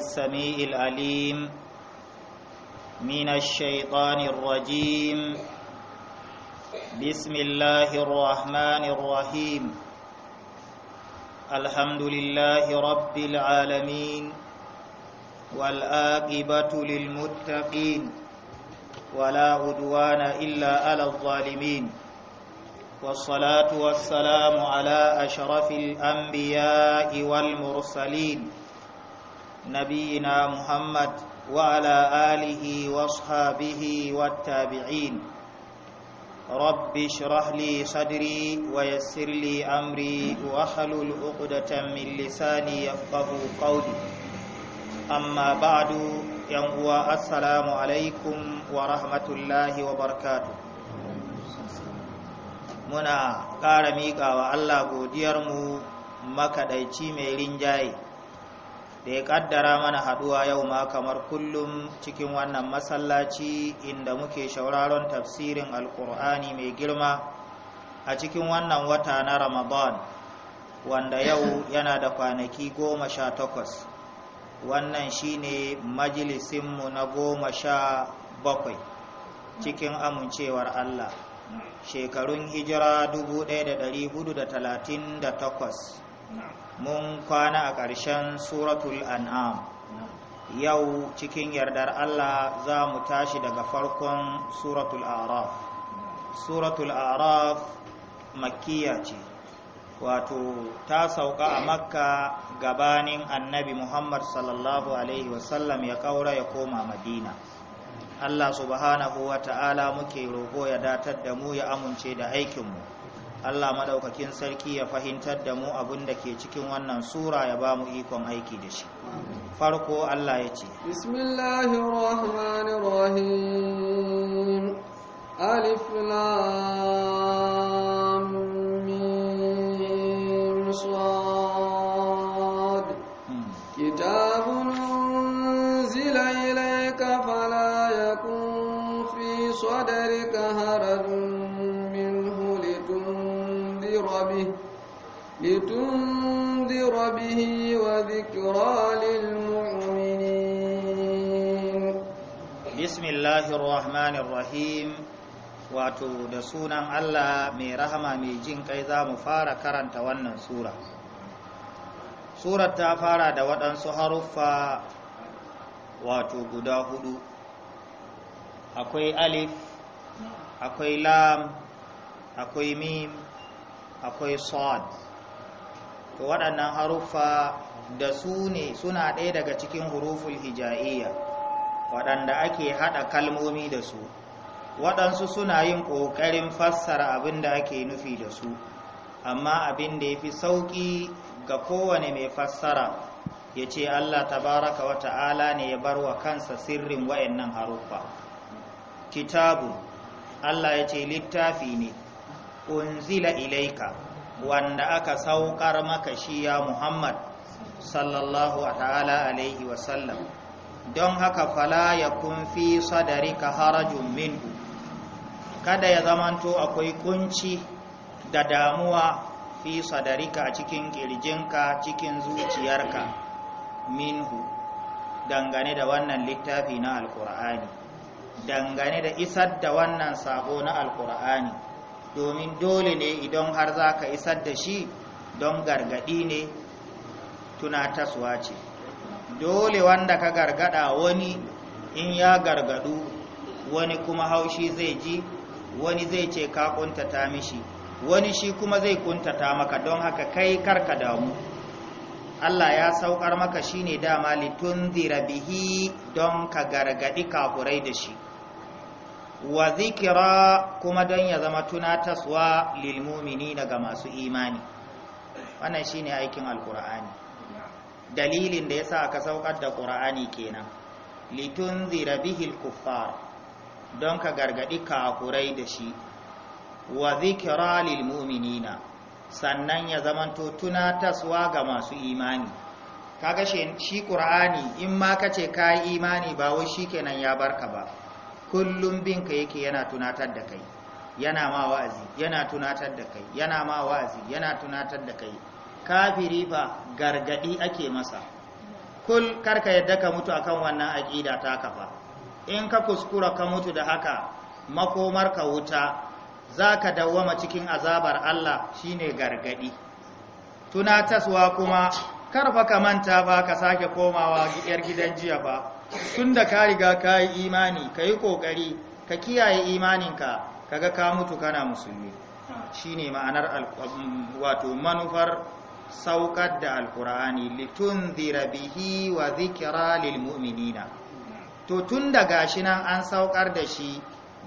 السميع العليم من الشيطان الرجيم بسم الله الرحمن الرحيم الحمد لله رب العالمين والآقبة للمتقين ولا عدوان إلا على الظالمين والصلاة والسلام على أشرف الأنبياء والمرسلين نبينا محمد وعلى آله واصحابه والتابعين رب اشرح لي صدري ويسر لي أمري وأحلل عقدة من لساني يفقه قولي أما بعد ينهو السلام عليكم ورحمة الله وبركاته muna ƙara miƙa wa Allah godiyarmu makaɗaici mai rinjaye da ya kaddara mana haduwa yau ma kamar kullum cikin wannan masallaci inda muke shauraron tafsirin alkur'ani mai girma a cikin wannan wata na ramadan wanda yau yana da kwanaki goma sha takwas wannan shine majalisinmu na goma sha bakwai cikin amincewar allah shekarun hijira 1438 mun kwana a ƙarshen suratul an'am yau cikin yardar Allah za mu tashi daga farkon suratul araf suratul araf Makiya ce wato ta sauka a makka gabanin annabi muhammad sallallahu alaihi wasallam ya kaura ya koma madina Allah subhanahu wa ta'ala muke roƙo ya datar da mu ya amince da aikinmu Allah madaukakin sarki ya fahimtar da mu abin da ke cikin wannan sura ya ba mu ikon aiki da shi farko Allah ya ce bismillahirrahmanirrahim alif lam mim به وذكرى للمؤمنين بسم الله الرحمن الرحيم wato da sunan Allah mai rahama mai jin kai za mu fara karanta wannan sura surar ta fara da waɗansu haruffa wato guda hudu akwai alif akwai lam akwai mim akwai sod to waɗannan haruffa da su ne suna ɗaya daga cikin huruful hija'iyya waɗanda ake haɗa kalmomi da su waɗansu suna yin ƙoƙarin fassara abin da ake nufi da su amma abin da ya fi sauƙi ga kowane mai fassara ya ce allah tabaraka wa ta'ala ne ya bar wa kansa sirrin wa'annan haruffa kitabu allah ya ce littafi ne unzila ilaika wanda aka saukar maka shi ya Muhammad sallallahu ta'ala alaihi wasallam don haka fala ya kunfi sadarika harajun minhu kada ya zamanto akwai kunci da damuwa fi sadarika a cikin kirjinka cikin zuciyarka minhu dangane da wannan littafi na alkur'ani dangane da isar da wannan sabo na alkur'ani domin dole ne idan har za ka isar da shi don gargadi ne taswa ce dole wanda ka gargada wani in ya gargadu wani kuma haushi zai ji wani zai ce ka kuntata mishi wani shi kuma zai kuntata maka don haka kai karka damu Allah ya saukar maka shine dama litun bihi don ka gargadi kafurai da shi wa zikira kuma don ya zama tunataswa lilmumini daga masu imani wannan shine aikin alkur'ani dalilin da ya sa aka saukar da kur'ani kenan zira bihil kuffar don ka ka kakurai da shi wa zikira na sannan ya zamanto tunataswa ga masu imani kaga shi qur'ani in ma kace yi imani ba wai kenan ya barka ba kullum Binka yake yana tunatar da kai yana ma wa'azi yana tunatar da kai yana ma wa'azi yana tunatar da kai kafiri fa gargadi ake masa kul karka yadda ka mutu akan wannan aqida ta kafa in ka kuskura ka mutu da haka makomar ka wuta zaka dawwama cikin azabar Allah shine gargadi tunataswa kuma karfa ka manta ba ka sake komawa yar gidan jiya ba tun da ka riga ka yi imani ka yi ƙoƙari ka kiyaye imaninka kaga ka mutu kana musulmi shine ma'anar wato manufar saukar da alkur'ani litun bihi wa zikira lilmu'minina to tun da gashi nan an saukar da shi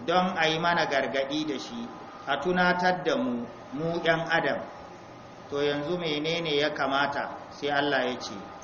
don a yi mana gargadi da shi a tunatar da mu mu 'yan adam to yanzu menene ya kamata sai Allah ya ce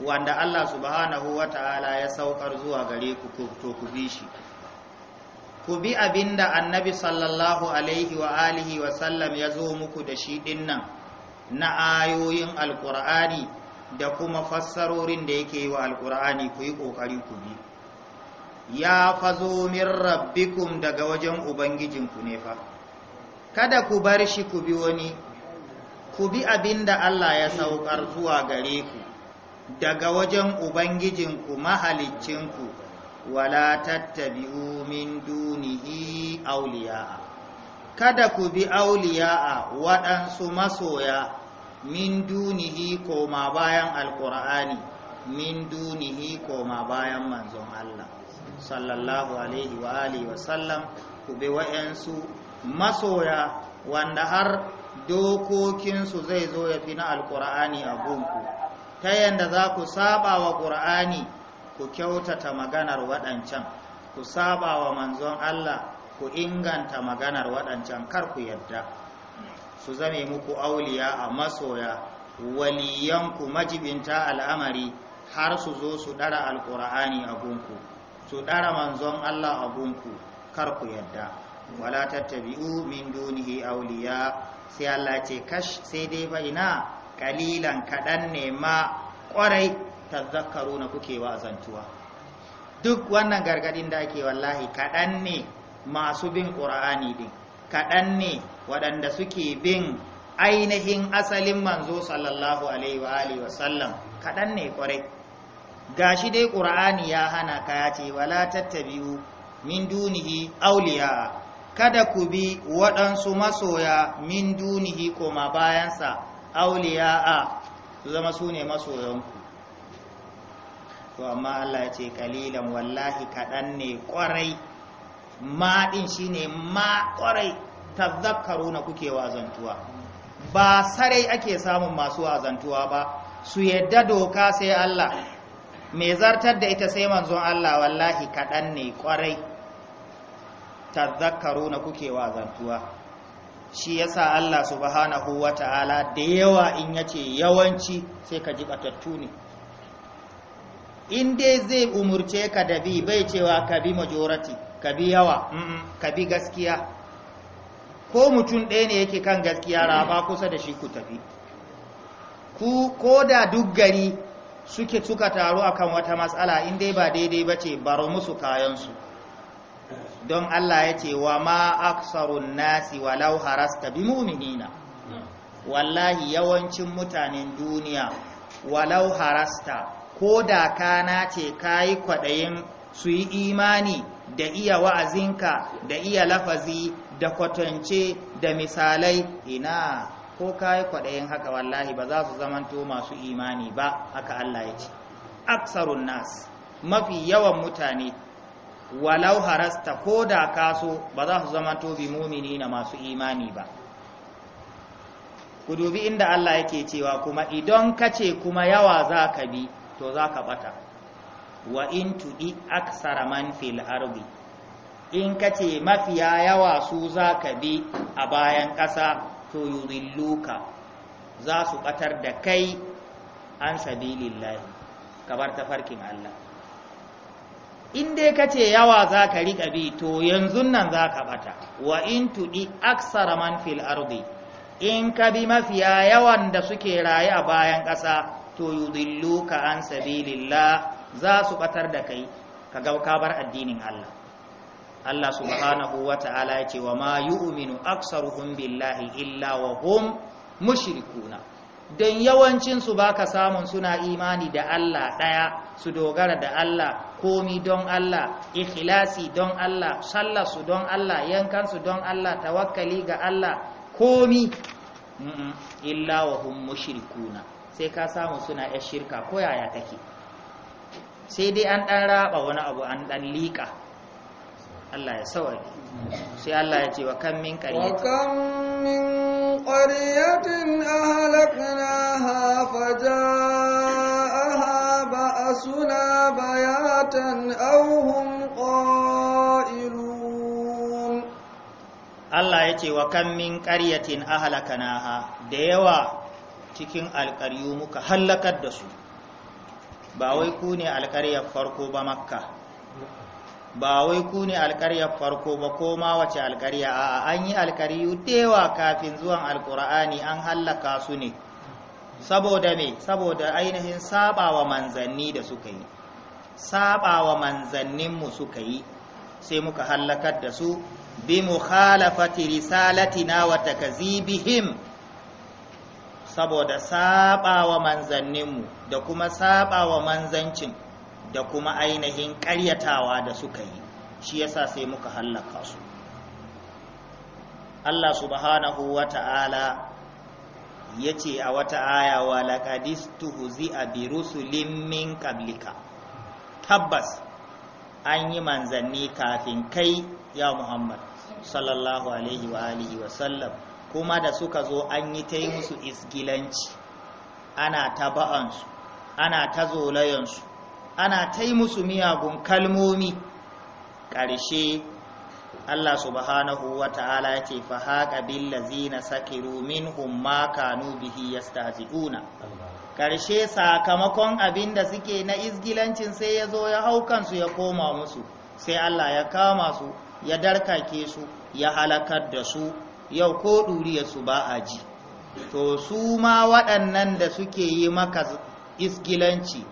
wanda Allah subhanahu wa ta'ala ya saukar zuwa gare ku to ku bi shi ku bi abinda annabi sallallahu alaihi wa alihi wa sallam ya zo muku da shi dinnan na ayoyin alkur'ani da kuma fassarorin da yake yi wa alkur'ani ku yi ƙoƙari ku bi ya fazo min rabbikum daga wajen ubangijinku ne fa kada ku bar shi ku bi wani ku bi abinda Allah ya saukar zuwa gare ku daga wajen ubangijinku mahalicinku wala tattabi'u min dunihi auliya'a kada ku bi auliya'a waɗansu masoya min dunihi koma bayan alkur'ani min dunihi koma bayan manzon Allah sallallahu alaihi wa alihi wa sallam ku bi wa'yansu masoya wanda har dokokinsu zai zo ya fi na alkur'ani a gunku ta yanda za ku saba wa ƙur'ani ku kyautata maganar waɗancan ku saba wa manzon Allah ku inganta maganar waɗancan kar ku yadda su zame muku auliya a masoya waliyanku majibinta al'amari har su zo su ɗara alƙur'ani a gunku su ɗara manzon Allah a gunku kar ku yadda wala tattabi'u min dunihi auliya sai Allah ce kash sai dai fa ina kalilan kaɗan ne ma ƙwarai tazakkaru na kuke zantuwa. duk wannan gargadin da ake wallahi kaɗan ne masu bin ƙura'ani din kaɗan ne waɗanda suke bin ainihin asalin manzo sallallahu alaihi wa alihi wasallam kaɗan ne ƙwarai shi dai ƙura'ani ya hana kaya ce wala tattabiyu min dunihi auliya kada ku bi waɗansu masoya min dunihi koma bayansa auliya'a su zama su ne masoyanku to amma Allah ce kalilan wallahi kaɗan ne ƙwarai maɗin shi ne ma ƙwarai tazakkaru na kuke wazantuwa ba sarai ake samun masu wazantuwa ba su yadda doka sai Allah mai zartar da ita sai manzon Allah wallahi kaɗan ne ƙwarai tazakkaru na kuke wazantuwa shi yasa Allah subhanahu wata'ala da yawa in yace yawanci sai ka ji batattu ne in dai zai umurce ka da bi bai cewa ka bi majority ka bi yawa mm ka bi gaskiya ko mutum ɗaya ne yake kan gaskiya raba kusa da shi ku tafi ku ko da duk gari suke suka taru akan wata matsala in dai ba daidai ba ce baro musu kayansu don Allah ya ce wa ma aksarun nasi walau harasta bi mu'minina wallahi yawancin mutanen duniya walau harasta ko da kana ce yi kwaɗayin su yi imani da iya wa'azinka da iya lafazi da kwatance da misalai ina ko ka yi kwaɗayin haka wallahi ba za su zamanto masu imani ba haka Allah ya ce aksarun nasi mafi yawan mutane walau harasta ko da ka so ba za su zama tobi mumini na masu imani ba ku dubi inda Allah yake cewa kuma idan ka ce kuma yawa za ka bi to za ka bata wa in tuɗi aksara man fil ardi in ka ce mafiya yawa su za ka bi a bayan ƙasa to yuzilluka za su ɓatar da kai an sabilillahi kabar farkin Allah in dai ka ce yawa za ka riƙa bi to yanzu nan za ka ɓata wa in tuɗi aksara man fil ardi in ka bi mafiya yawan da suke raye a bayan ƙasa to yudillu ka an sabilillah za su ɓatar da kai ka gauka bar addinin Allah Allah subhanahu wa ta'ala ya ce wa ma yu'minu aksaruhum billahi illa wa hum mushrikuna don yawancinsu ba ka samun suna imani da Allah ɗaya su dogara da Allah komi don Allah ikhlasi don Allah su don Allah yankansu don Allah tawakkali ga Allah komi illa wa hum mushrikuna sai ka samu suna yar shirka ko yaya take sai dai an dan raba wani abu an dan liƙa Allah ya sauke sai Allah ya ce wa kan min qaryatin wa fajaa بأسنا بياتا أو هم قائلون الله يتي وكم من قرية أهلكناها ديوا cikin alƙaryu muka hallakar da su ba wai ku ne alƙaryar farko ba makka ba wai ku ne alƙaryar farko ba ko ma wace alƙarya A'a an yi alƙaryu dewa kafin zuwan alƙur'ani an hallaka su ne saboda me saboda ainihin sabawa manzanni da suka yi sabawa manzanninmu suka yi sai muka hallakar da su bi mukhalafati risalatina wa takzibihim saboda sabawa manzanninmu da kuma sabawa manzancin da kuma ainihin ƙaryatawa da suka yi shi yasa sai muka hallaka su Allah subhanahu wa ta'ala ya ce a wata aya wa laƙadistu huzi a birusulin min tabbas an yi manzanni kafin kai ya muhammad sallallahu alaihi wa alihi sallam kuma da suka zo an yi ta musu isgilanci ana ta ba'ansu ana ta zolayensu ana ta musu miyagun kalmomi ƙarshe Allah subhanahu wa ta'ala ya ce fa haƙa billazina sakiru minhum ma kanu bihi yastahzi'una karshe sakamakon abin da suke na izgilancin sai ya zo ya hau kansu ya koma musu sai Allah ya kama su ya darkake su ya halakar da su yau ko su ba a ji to su ma waɗannan da suke yi maka izgilanci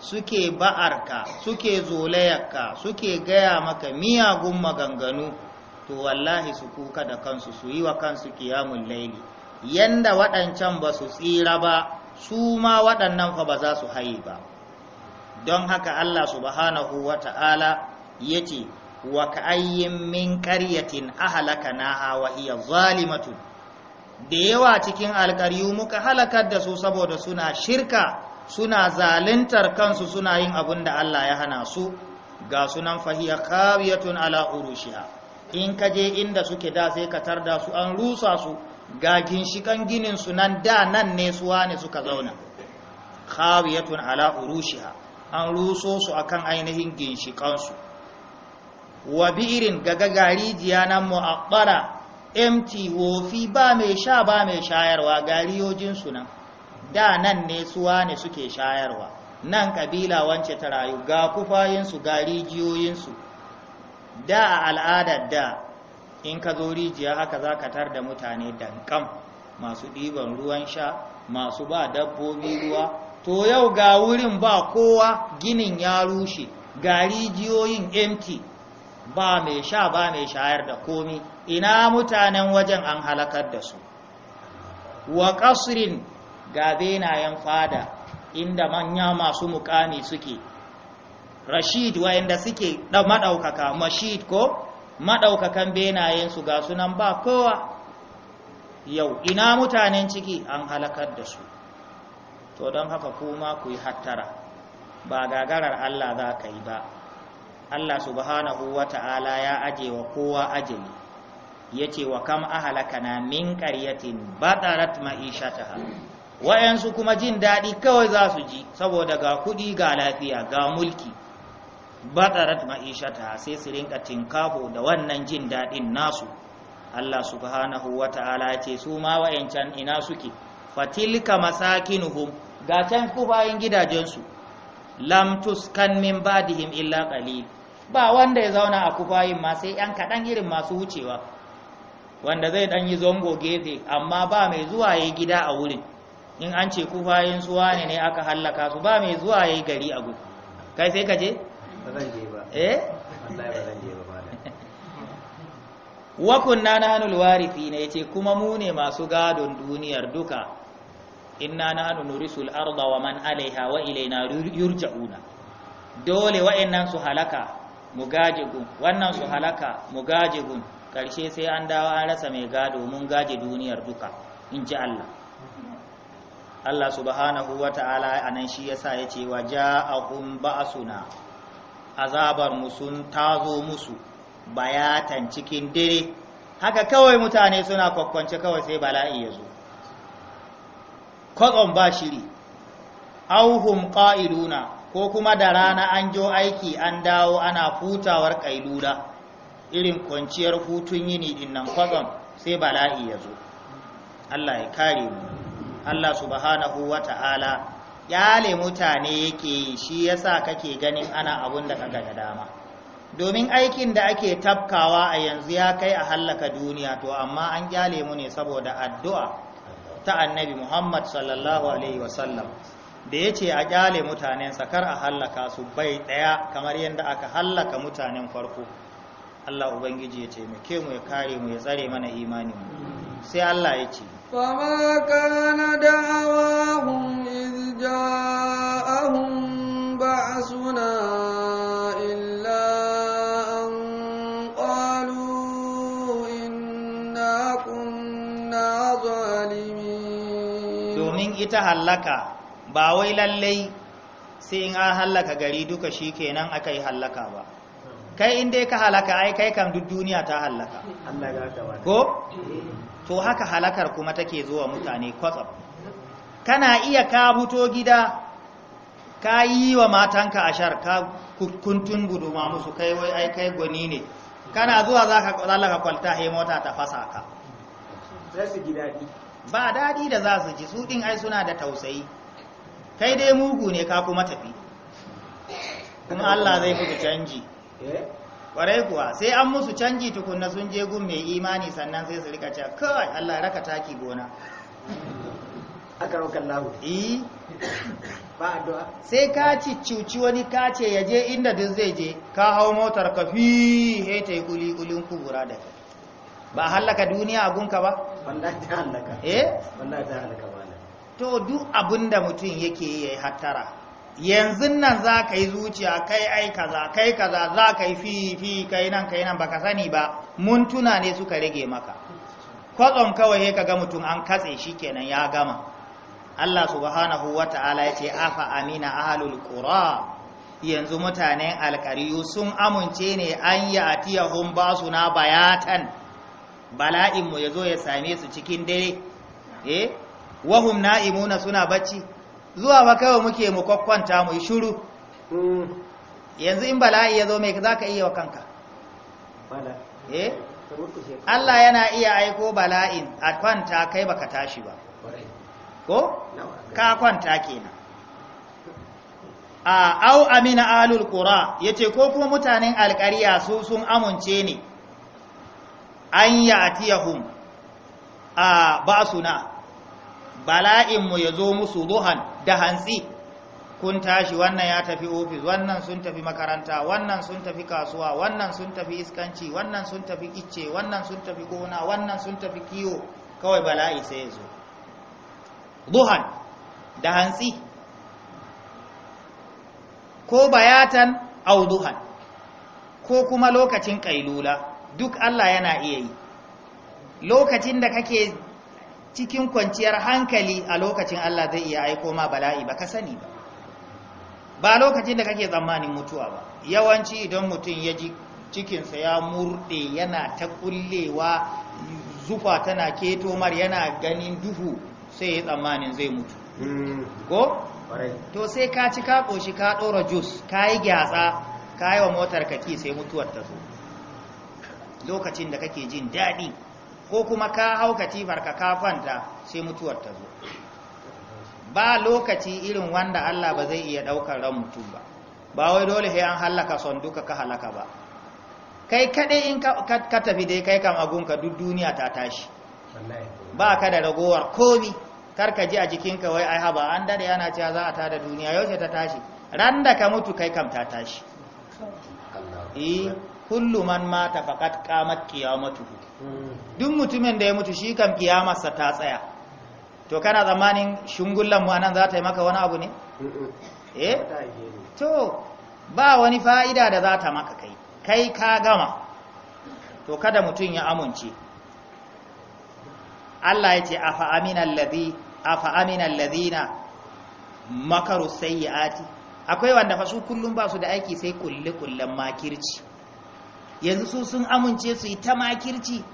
suke ba'arka suke zolayarka suke gaya maka miyagun maganganu to wallahi su kuka da kansu su yi wa kansu kiyamun laili yanda waɗancan ba su tsira ba su ma waɗannan fa ba za su haye ba don haka Allah subhanahu wa ta'ala ya ce wa ka'ayyin min ƙaryatin ahalaka na hawa iya zalimatu da yawa cikin alƙaryu muka halakar da su saboda suna shirka suna zalintar kansu suna yin abin da Allah ya hana su ga sunan fahiya kawiyatun ala urushiha in ka je inda suke da sai ka tarda su an rusa su ga ginshikan ginin su nan da nan ne su wane suka zauna kawiyatun ala urushiha an ruso su akan ainihin ginshikan su wa bi'irin gaga garijiya nan mu'abbara empty wofi ba mai sha ba mai shayarwa gariyojin su nan da nan ne suwa ne suke shayarwa nan kabila wance ta rayu ga kufayinsu ga rijiyoyinsu da a al'adar da in ka zo rijiya haka za ka tar da mutane dankam masu ɗiban ruwan sha masu ba dabbobi ruwa to yau ga wurin ba kowa ginin ya rushe ga rijiyoyin empty ba mai sha ba mai shayar da komi ina mutanen wajen an halakar da su wa ƙasirin ga benayen fada inda manya masu mukami suke rashid wa'inda suke maɗaukaka mashid ko maɗaukakan su ga sunan ba kowa yau ina mutanen ciki an halakar da su to don haka kuma ku yi hattara ba gagarar Allah za ka yi ba Allah subhanahu wa ya aje wa kowa ajali ya ce wa kam na min ƙaryatin ba ma'ishataha wa'yansu kuma jin daɗi kawai za su ji saboda ga kuɗi ga lafiya ga mulki batsarat ma'ishata sai su rinka tinkabo da wannan jin daɗin nasu Allah subhanahu wa ta'ala ce su ma wa'yancan ina suke fatilka masakinuhum ga can kufayin gidajensu lam tuskan min badihim illa qalil ba wanda ya zauna a kufayin ma sai yan kaɗan irin masu wucewa wanda zai ɗan yi zongo gefe amma ba mai zuwa ya gida a wurin in an ce kufayin suwa ne ne aka hallaka su ba mai zuwa yayi gari a gu kai sai ka je ba zan je ba eh ba zan ba kuma mu ne masu gadon duniyar duka inna hannu nurisul arba wa man alaiha wa ilaina yurja'una dole wa'annan su halaka mu gaje gun wannan su halaka mu gaje gun karshe sai an dawo an rasa mai gado mun gaje duniyar duka in ji Allah Allah subhanahu wa ta'ala a nan shi ya sa ya ce wa ja'ahum ba'asuna azabar musun tazo musu bayatan cikin dare haka kawai mutane suna kwakwance kawai sai bala'i ya zo Kwakwan ba shiri auhum ƙa'iluna ko kuma da rana an jo aiki an dawo ana hutawar ƙailula irin kwanciyar hutun yini dinnan kwakwan, sai bala'i ya zo Allah ya kare mu Allah subhanahu wa ta'ala ƙyale mutane yake yi shi sa kake ganin ana abun da kaga da dama domin aikin da ake tafkawa a yanzu ya kai a hallaka duniya to amma an ƙyale mu ne saboda addu'a ta annabi Muhammad sallallahu alaihi wasallam da ya ce a ƙyale mutanen kar a hallaka su bai ɗaya kamar yadda aka hallaka mutanen farko Allah Ubangiji ya taimake mu ya kare mu ya tsare mana mu sai Allah ya ce فما كان دعواهم إذ جاءهم بعثنا إلا أن قالوا إنا كنا ظالمين دومين إتا هلكا باوي للي sai in an hallaka gari duka shi kenan aka yi hallaka ba kai in dai ka halaka ai kai kam duk duniya ta hallaka ko eh. to haka halakar kuma take zuwa mutane kwatsam kana iya ka buto gida ka yi wa matanka ashar ka kuntun guduma musu kai wai ai kai gwani ne kana zuwa za ka kwalta he mota ta fasa ka zasu ji ba daɗi da zasu ji su ɗin ai suna da tausayi kai dai mugu ne ka kuma tafi kuma Allah zai fi canji eh? kwarai kuwa sai an musu canji tukunna sun je gun mai imani sannan sai su rika cewa kawai Allah raka taki gona aka rokan lahu eh ba addu'a sai ka ci cuci wani ka ce ya je inda duk zai je ka hau motar ka fi he ta yi kuli kulin kubura da kai ba halaka duniya a gunka ba wallahi ta halaka eh wallahi ta halaka ba to duk abinda mutum yake yi ya yi hattara yanzu nan za ka yi zuciya kai ai kaza kai kaza za ka yi fi fi kai nan kai nan baka sani ba mun tuna ne suka rage maka kwatsam kawai ka ga mutum an katse shi kenan ya gama Allah subhanahu wa ta'ala ya ce afa amina ahlul qura yanzu mutanen alkariyu sun amince ne an yi su na bayatan bala'in mu yazo ya same su cikin dare eh wahum na'imuna suna bacci zuwa ba kawai muke mu kwakwanta mu yi shuru hmm. yanzu in bala'i ya zo mai za ka iya wa kanka eh? Allah yana iya aiko bala'in a kwanta kai baka tashi ba ko ka kwanta kenan a au amina alul qura yace ko kuma mutanen alƙarya su sun amince ne an ya'tiyahum a na, bala'in mu yazo musu duhan da hantsi kun tashi wannan ya tafi ofis wannan sun tafi makaranta wannan sun tafi kasuwa wannan sun tafi iskanci wannan sun tafi icce wannan sun tafi gona wannan sun tafi kiwo kawai bala'i sai ya duhan da hantsi ko bayatan au duhan ko kuma lokacin kailula duk Allah yana iya yi lokacin da kake cikin kwanciyar hankali a lokacin Allah zai iya aiko ma bala'i ba ka sani ba ba lokacin da kake tsammanin mutuwa ba yawanci idan mutum ya ji cikinsa ya murɗe yana ta ƙullewa zufa tana ketomar yana ganin duhu sai ya tsammanin zai mutu mm. ko to sai ka ci ka ƙoshi ka ɗora jus ka yi gyatsa ka yi wa motar kaki sai mutuwar ta zo lokacin da kake jin daɗi ko kuma ka hau katifarka ka kafanta sai mutuwar ta zo ba lokaci irin wanda Allah ba zai iya ɗaukar ran mutum ba ba wai dole sai an halaka son duka ka halaka ba kai kaɗai in ka tafi dai kai kam ka duk duniya ta tashi ba ka da ragowar komi ka ji a jikin ka wai ai haba an dade yana cewa za a tada duniya yau ta tashi ran da ka mutu kai kam ta tashi kullu man mata faqat qamat qiyamatuhu hmm. duk mutumin da ya mutu shi kam kiyamarsa ta tsaya to kana zamanin shungullan mu anan za ta yi maka wani abu ne eh to ba wani fa'ida da za ta maka kai kai ka gama to kada mutum ya amince Allah ya ce afa aminal ladhi afa aminal ladhina makaru sayyiati akwai wanda fa su kullum ba su da aiki sai kulle kullen makirci yanzu su sun amince su yi ta makirci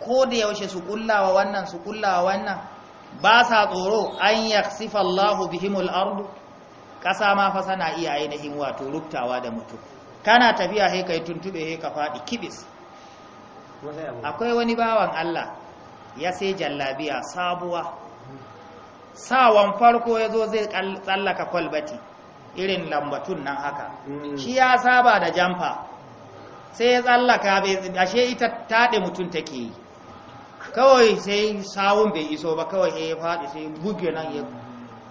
ko da yaushe su kullawa wannan su kullawa wannan ba sa tsoro an sifa Allahu bihimul ardu kasa ma fa sana iya ainihin wato rubtawa da mutum kana tafiya he kai tuntube he ka fadi kibis akwai wani bawan Allah ya sai jallabiya sabuwa sawan farko ya zo zai tsallaka kwalbati irin lambatun nan haka mm. shi ya saba da jamfa sai ya tsallaka ashe ita taɗe mutum take yi kawai sai sawun bai iso ba kawai sai ya faɗi sai buge nan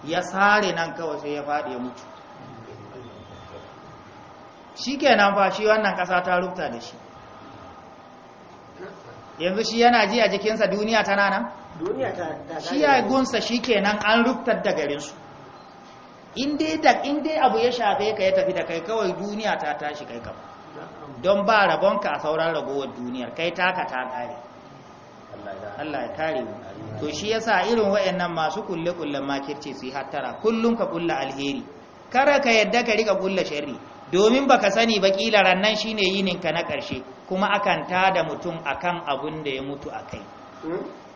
ya sare nan kawai sai ya faɗi ya mutu shi kenan fa shi wannan ƙasa ta rubuta da shi yanzu shi yana ji a jikinsa duniya tana nan? duniya ta shi ya gunsa shi nan an rubuta da garinsu inda abu ya shafe ka ya tafi da kai kawai duniya ta tashi kai kawai don ba rabon ka a sauran ragowar duniyar kai taka ta kare Allah ya kare mu to shi yasa irin wayannan masu kulle kullen makirci su yi hattara kullun ka kulla alheri kara ka yadda ka rika kulla sharri domin baka sani ba kila rannan shine yinin ka na karshe kuma akan tada mutum akan abun da ya mutu akai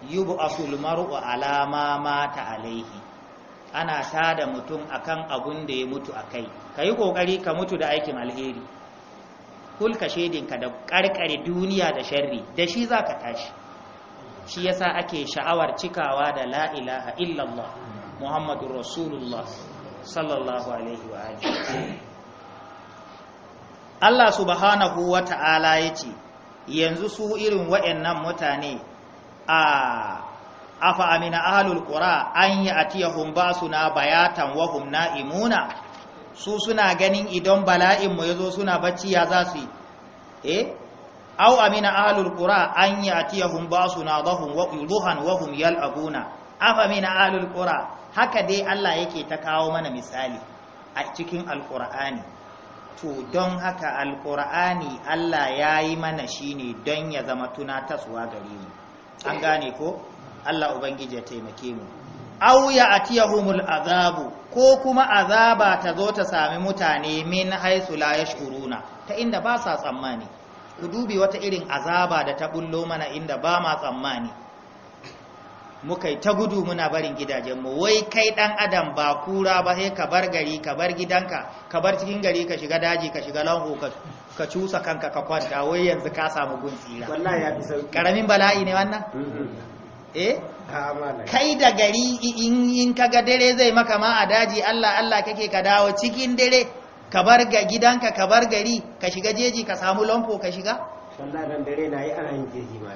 yubu asul mar'u ala ma mata alaihi ana tada mutum akan abun da ya mutu akai yi kokari ka mutu da aikin alheri hulka shedinka da karkare duniya da sharri da shi za ka tashi shi yasa ake sha'awar cikawa da la ilaha illallah muhammadun rasulullah sallallahu alaihi wa alihi Allah subhanahu wa ta'ala ya ce yanzu su irin waɗannan mutane a afa amina ahlul qura an yi a tiyahun basuna bayatan wahum na'imuna su suna ganin idan bala'in mu yazo suna bacci ya za su yi eh aw amina ahlul qura an yatiyahum basuna dhahum wa yuduhan wa hum yal'abuna afa min ahlul qura haka dai Allah yake ta kawo mana misali a cikin alqur'ani to don haka alqur'ani Allah yayi mana shine don ya zama tunatarwa gare mu an gane ko Allah ubangiji ya taimake mu aw humul azabu ko kuma azaba ta zo ta sami mutane min haisu la yashkuruna ta inda ba sa tsammani ku dubi wata irin azaba da ta bullo mana inda ba ma tsammani muka yi ta gudu muna barin gidajenmu wai kai ɗan adam ba kura ba sai ka bar gari ka bar gidanka ka bar cikin gari ka shiga daji ka shiga lanho ka cusa kanka ka kwanta wai yanzu ka samu gunsira wallahi ya fi sauki karamin bala'i ne wannan mm-hmm. eh kai da gari in kaga dare zai maka ma a daji Allah Allah kake ka dawo cikin dare ka bar ga gidanka ka bar gari ka shiga jeji ka samu lampo ka shiga wallahi dare na yi ana yin jeji ma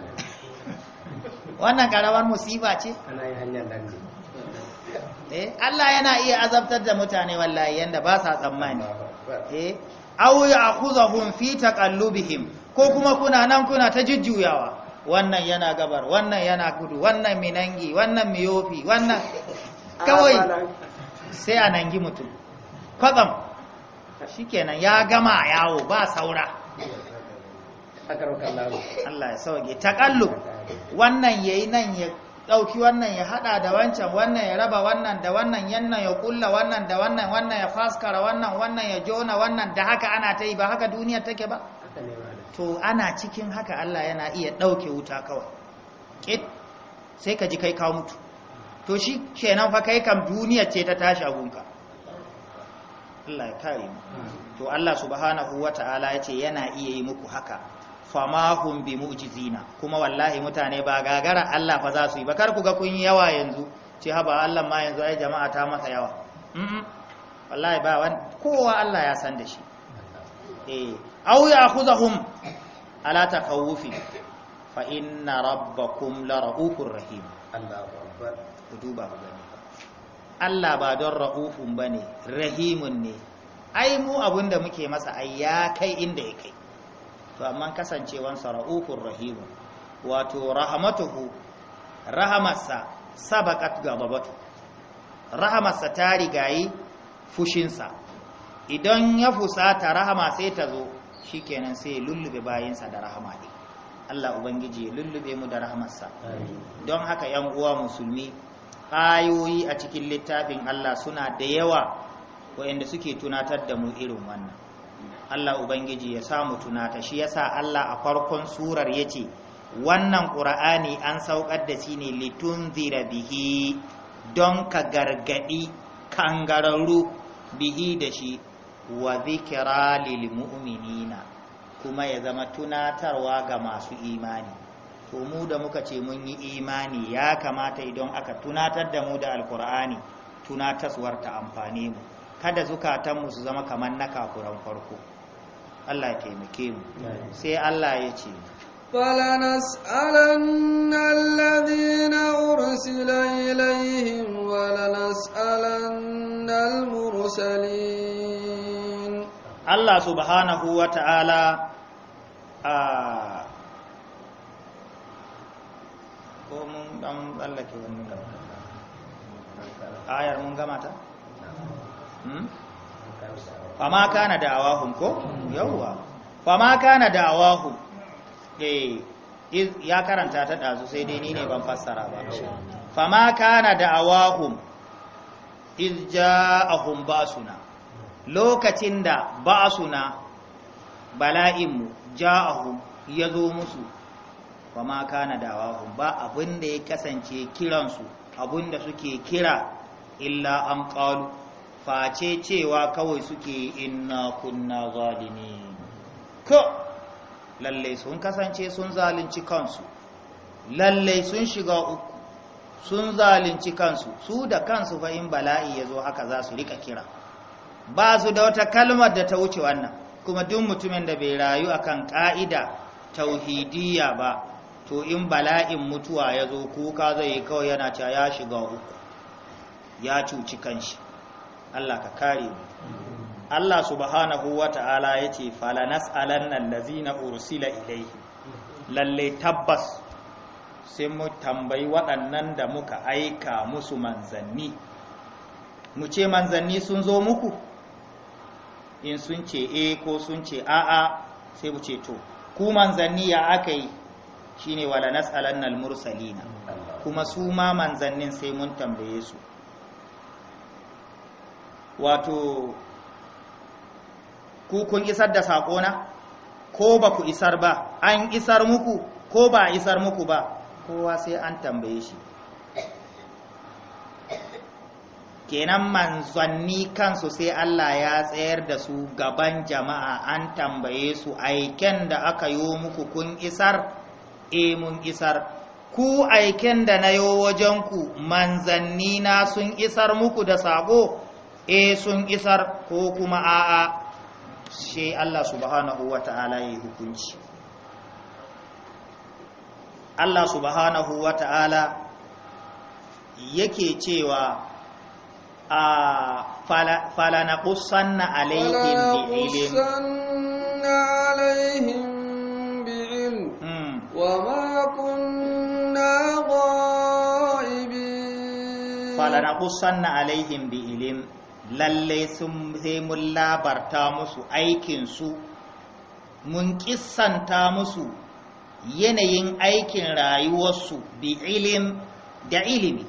wannan karawar musiba ce ana yin hanyar danje eh Allah yana iya azabtar da mutane wallahi yanda ba sa tsammani eh aw ya'khudhuhum fi taqallubihim ko kuma kuna nan kuna ta jujjuyawa wannan yana gabar wannan yana gudu wannan minangi wannan miyofi wannan kawai sai a nangi mutum kwatsam shikenan ya gama yawo ba saura Allah ya sauke takallu wannan ya yi nan ya ɗauki, wannan ya hada da wancan wannan ya raba wannan da wannan yannan ya kulla wannan da wannan wannan ya faskara wannan wannan ya jona wannan da haka ana ta yi ba haka duniya take ba to ana cikin haka Allah yana iya ɗauke wuta kawai ƙit sai ka ji kai ka mutu to shi kenan fa kai kam duniya ce ta tashi abunka Allah ya kare mu to Allah subhanahu wata'ala ya ce yana iya yi muku haka fama hum bi mu'jizina kuma wallahi mutane ba gagara Allah fa za su yi ba kar ku ga kun yi yawa yanzu ce ba Allah ma yanzu ai jama'a ta masa yawa mm wallahi ba wani kowa Allah ya san da shi eh aw ya'khudhahum ala takawufi fa inna rabbakum la ra'ufur rahim Allahu akbar duba ku Allah ba don ra'ufun bane rahimun ne ai mu abinda muke masa ai ya kai inda ya kai to amma kasancewansa ra'ufur rahim wato rahmatuhu rahamarsa sabaqat gababatu rahamarsa ta rigayi fushinsa idan ya fusata rahama sai ta zo Shi kenan sai ya lullube bayansa da rahama ne Allah ubangiji ya lullube mu da rahamarsa don haka yan uwa musulmi ayoyi a cikin littafin Allah suna da yawa waɗanda suke tunatar da mu irin wannan Allah ubangiji ya samu tunata shi ya sa Allah a farkon surar ya ce. wannan ƙura'ani an saukar da shi ne litun zira bihi don ka gargaɗi kangararru bihi da shi wa zikira lil mu'minina kuma ya zama tunatarwa ga masu imani to mu da muka ce mun yi imani ya kamata idan aka tunatar da mu da alkur'ani tunataswar ta amfane mu kada zukatanmu su zama kamar na kafuran farko Allah ya taimake mu sai Allah ya ce mu فلنسألن الذين أرسل إليهم ولنسألن المرسلين الله سبحانه وتعالى آه mun tsallake wani ayar mun gama ta? fama kana da awahun ko? yauwa fama kana da Eh, ya karanta ta ɗazu sai dai ni ne ban fassara ba fama kana da awahum ba suna, lokacin da suna bala'inmu ja ja'ahum ya zo musu fama kana da awahun ba abinda ya kasance kiransu abinda suke kira illa an ƙalu face cewa kawai suke inna kunna zalini ko lalle sun kasance sun zalunci kansu lalle sun shiga uku sun zalunci kansu su da kansu fa in bala'i ya zo haka za su rika kira ba su da wata kalmar da ta wuce wannan kuma duk mutumin da bai rayu akan ka'ida tauhidiyya ba to in bala'in mutuwa ya zo kuka zai yi kawai yana cewa ya shiga uku ya cuci kanshi Allah ka kare mu Allah subhanahu wa ta'ala ya ce falanas alannan lazina ursila ilaihi lalle tabbas sai mu tambayi waɗannan da muka aika musu manzanni mu ce manzanni sun zo muku in sun ce e ko sun ce a'a sai mu ce to ku manzanni ya aka yi shine wala alannan mursalina kuma su ma manzannin sai mun tambaye su wato ku kun isar da saƙona ko ba ku isar ba an isar muku ko ba isar muku ba kowa sai an tambaye shi kenan manzanni kansu sai Allah ya tsayar da su gaban jama'a an tambaye su aiken da aka yo muku kun isar e mun isar ku aiken da na yo wajenku manzanni na sun isar muku da sako e eh, sun isar ko kuma a'a sai Allah subhanahu wa ta'ala ya yi hukunci Allah subhanahu wa ta'ala yake cewa a falana alaihim bi'ilm alaihim bi'ilm wa ma kunna ghaibin falanakusanna alaihim bi'ilm lalle sun sai mun labarta musu aikinsu mun kissanta musu yanayin aikin rayuwarsu bi ilim da ilimi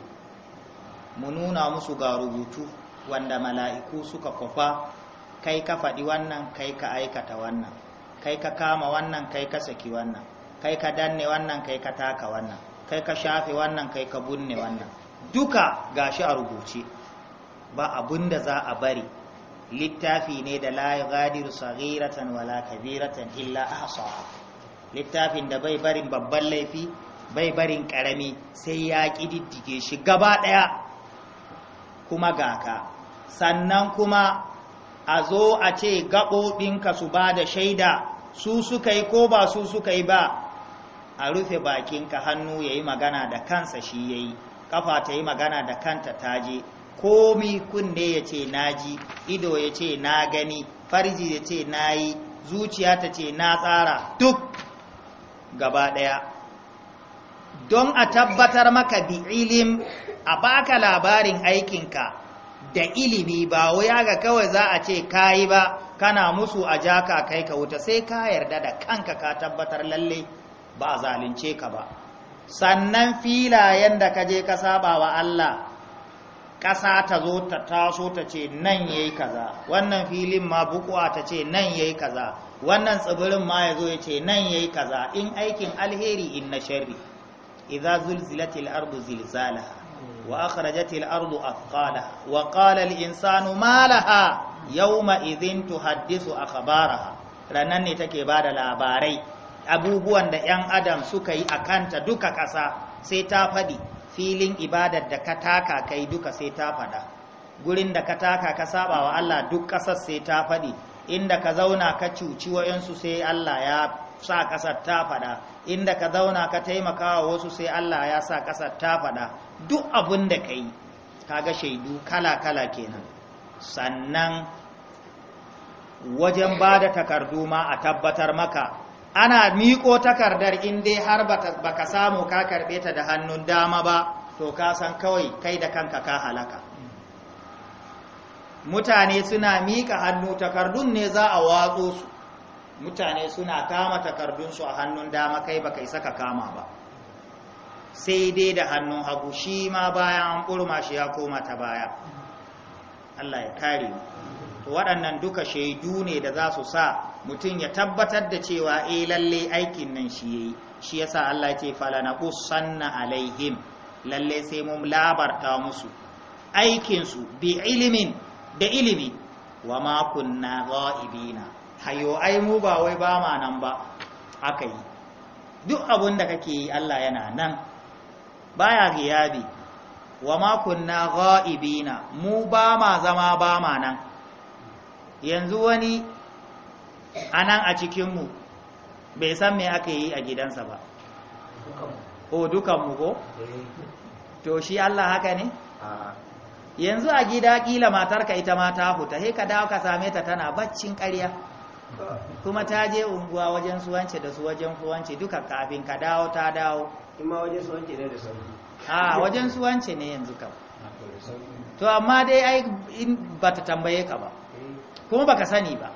mu nuna musu ga rubutu wanda mala'iku suka kwafa kai ka faɗi wannan kai ka aikata wannan kai ka kama wannan kai ka saki wannan kai ka danne wannan kai ka taka wannan kai ka shafe wannan kai ka bunne wannan duka gashi a rubuce ba abun da za a bari littafi ne da la gadiru saghiratan wala kabiratan illa ahsaha littafin da bai barin babban laifi bai barin karami sai ya kididdige shi gaba daya kuma gaka sannan kuma a zo a ce gaɓoɓinka su ba da shaida su suka yi ko ba su suka yi ba a rufe bakinka hannu ya yi magana da kansa shi ya yi ƙafa ta yi magana da kanta ta je komi kunne ya ce na ji ido ya ce na gani farji ya ce na yi zuciya ta ce na tsara duk gaba ɗaya don a tabbatar maka bi ilim a baka labarin aikinka da ilimi ba wuya ga kawai za a ce kayi ba kana musu a jaka kai ka wuta sai ka yarda da kanka ka tabbatar lalle ba a zalunce ka ba sannan filayen da ka je ka saba wa Allah ƙasa ta zo ta taso ta ce nan ya yi kaza wannan filin ma bukuwa ta ce nan ya yi kaza wannan tsibirin ma ya zo ya ce nan ya yi kaza in aikin alheri in na sharri idza zulzilatil ardu zilzalaha wa akhrajatil ardu athqalaha wa qala al insanu ma laha yawma idhin tuhaddisu akhbaraha ranan ne take bada labarai abubuwan da yan adam suka yi a kanta duka ƙasa sai ta faɗi filin ibadar da ka taka kai duka sai ta faɗa gurin da ka taka ka saba wa Allah duk ƙasar sai ta faɗi inda ka zauna ka cuci wa'yansu sai Allah ya sa ƙasar ta faɗa inda ka zauna ka taimaka wa wasu sai Allah ya sa ƙasar ta faɗa duk abin da ka kaga shaidu kala-kala kenan sannan wajen ba da takardu ma a tabbatar maka ana miko takardar in dai har baka samu ka karɓe ta da hannun dama ba to ka san kawai kai da kanka ka halaka mutane suna miƙa hannu takardun ne za a watso su mutane suna kama takardun su a hannun dama kai baka isa ka kama ba sai dai da hannun hagu shi ma bayan an ɓurma shi ya koma ta baya Allah ya kare to waɗannan duka shaidu ne da za su sa mutum ya tabbatar da cewa eh lalle aikin nan shi yayi shi yasa Allah ce fala na alaihim lalle sai mun labarta musu aikin su bi ilimin da ilimi wa ma kunna ghaibina hayo ai mu ba wai ba ma nan ba aka yi duk abun da kake yi Allah yana nan baya giyabi wa ma kunna ghaibina mu ba ma zama ba ma nan yanzu wani a nan a cikinmu bai san me aka yi a gidansa ba o dukanmu ko eh. to shi Allah haka ne yanzu a gida kila matarka ita ma ta huta sai ka dawo ka same ta tana baccin ƙarya kuma ta je unguwa wajen suwance da su wajen suwanci duka kafin ka dawo ta dawo kuma wajen suwanci ne da sauki a wajen suwance ne yanzu kam ah, to amma dai ai ba ta tambaye ka ba eh. kuma baka sani ba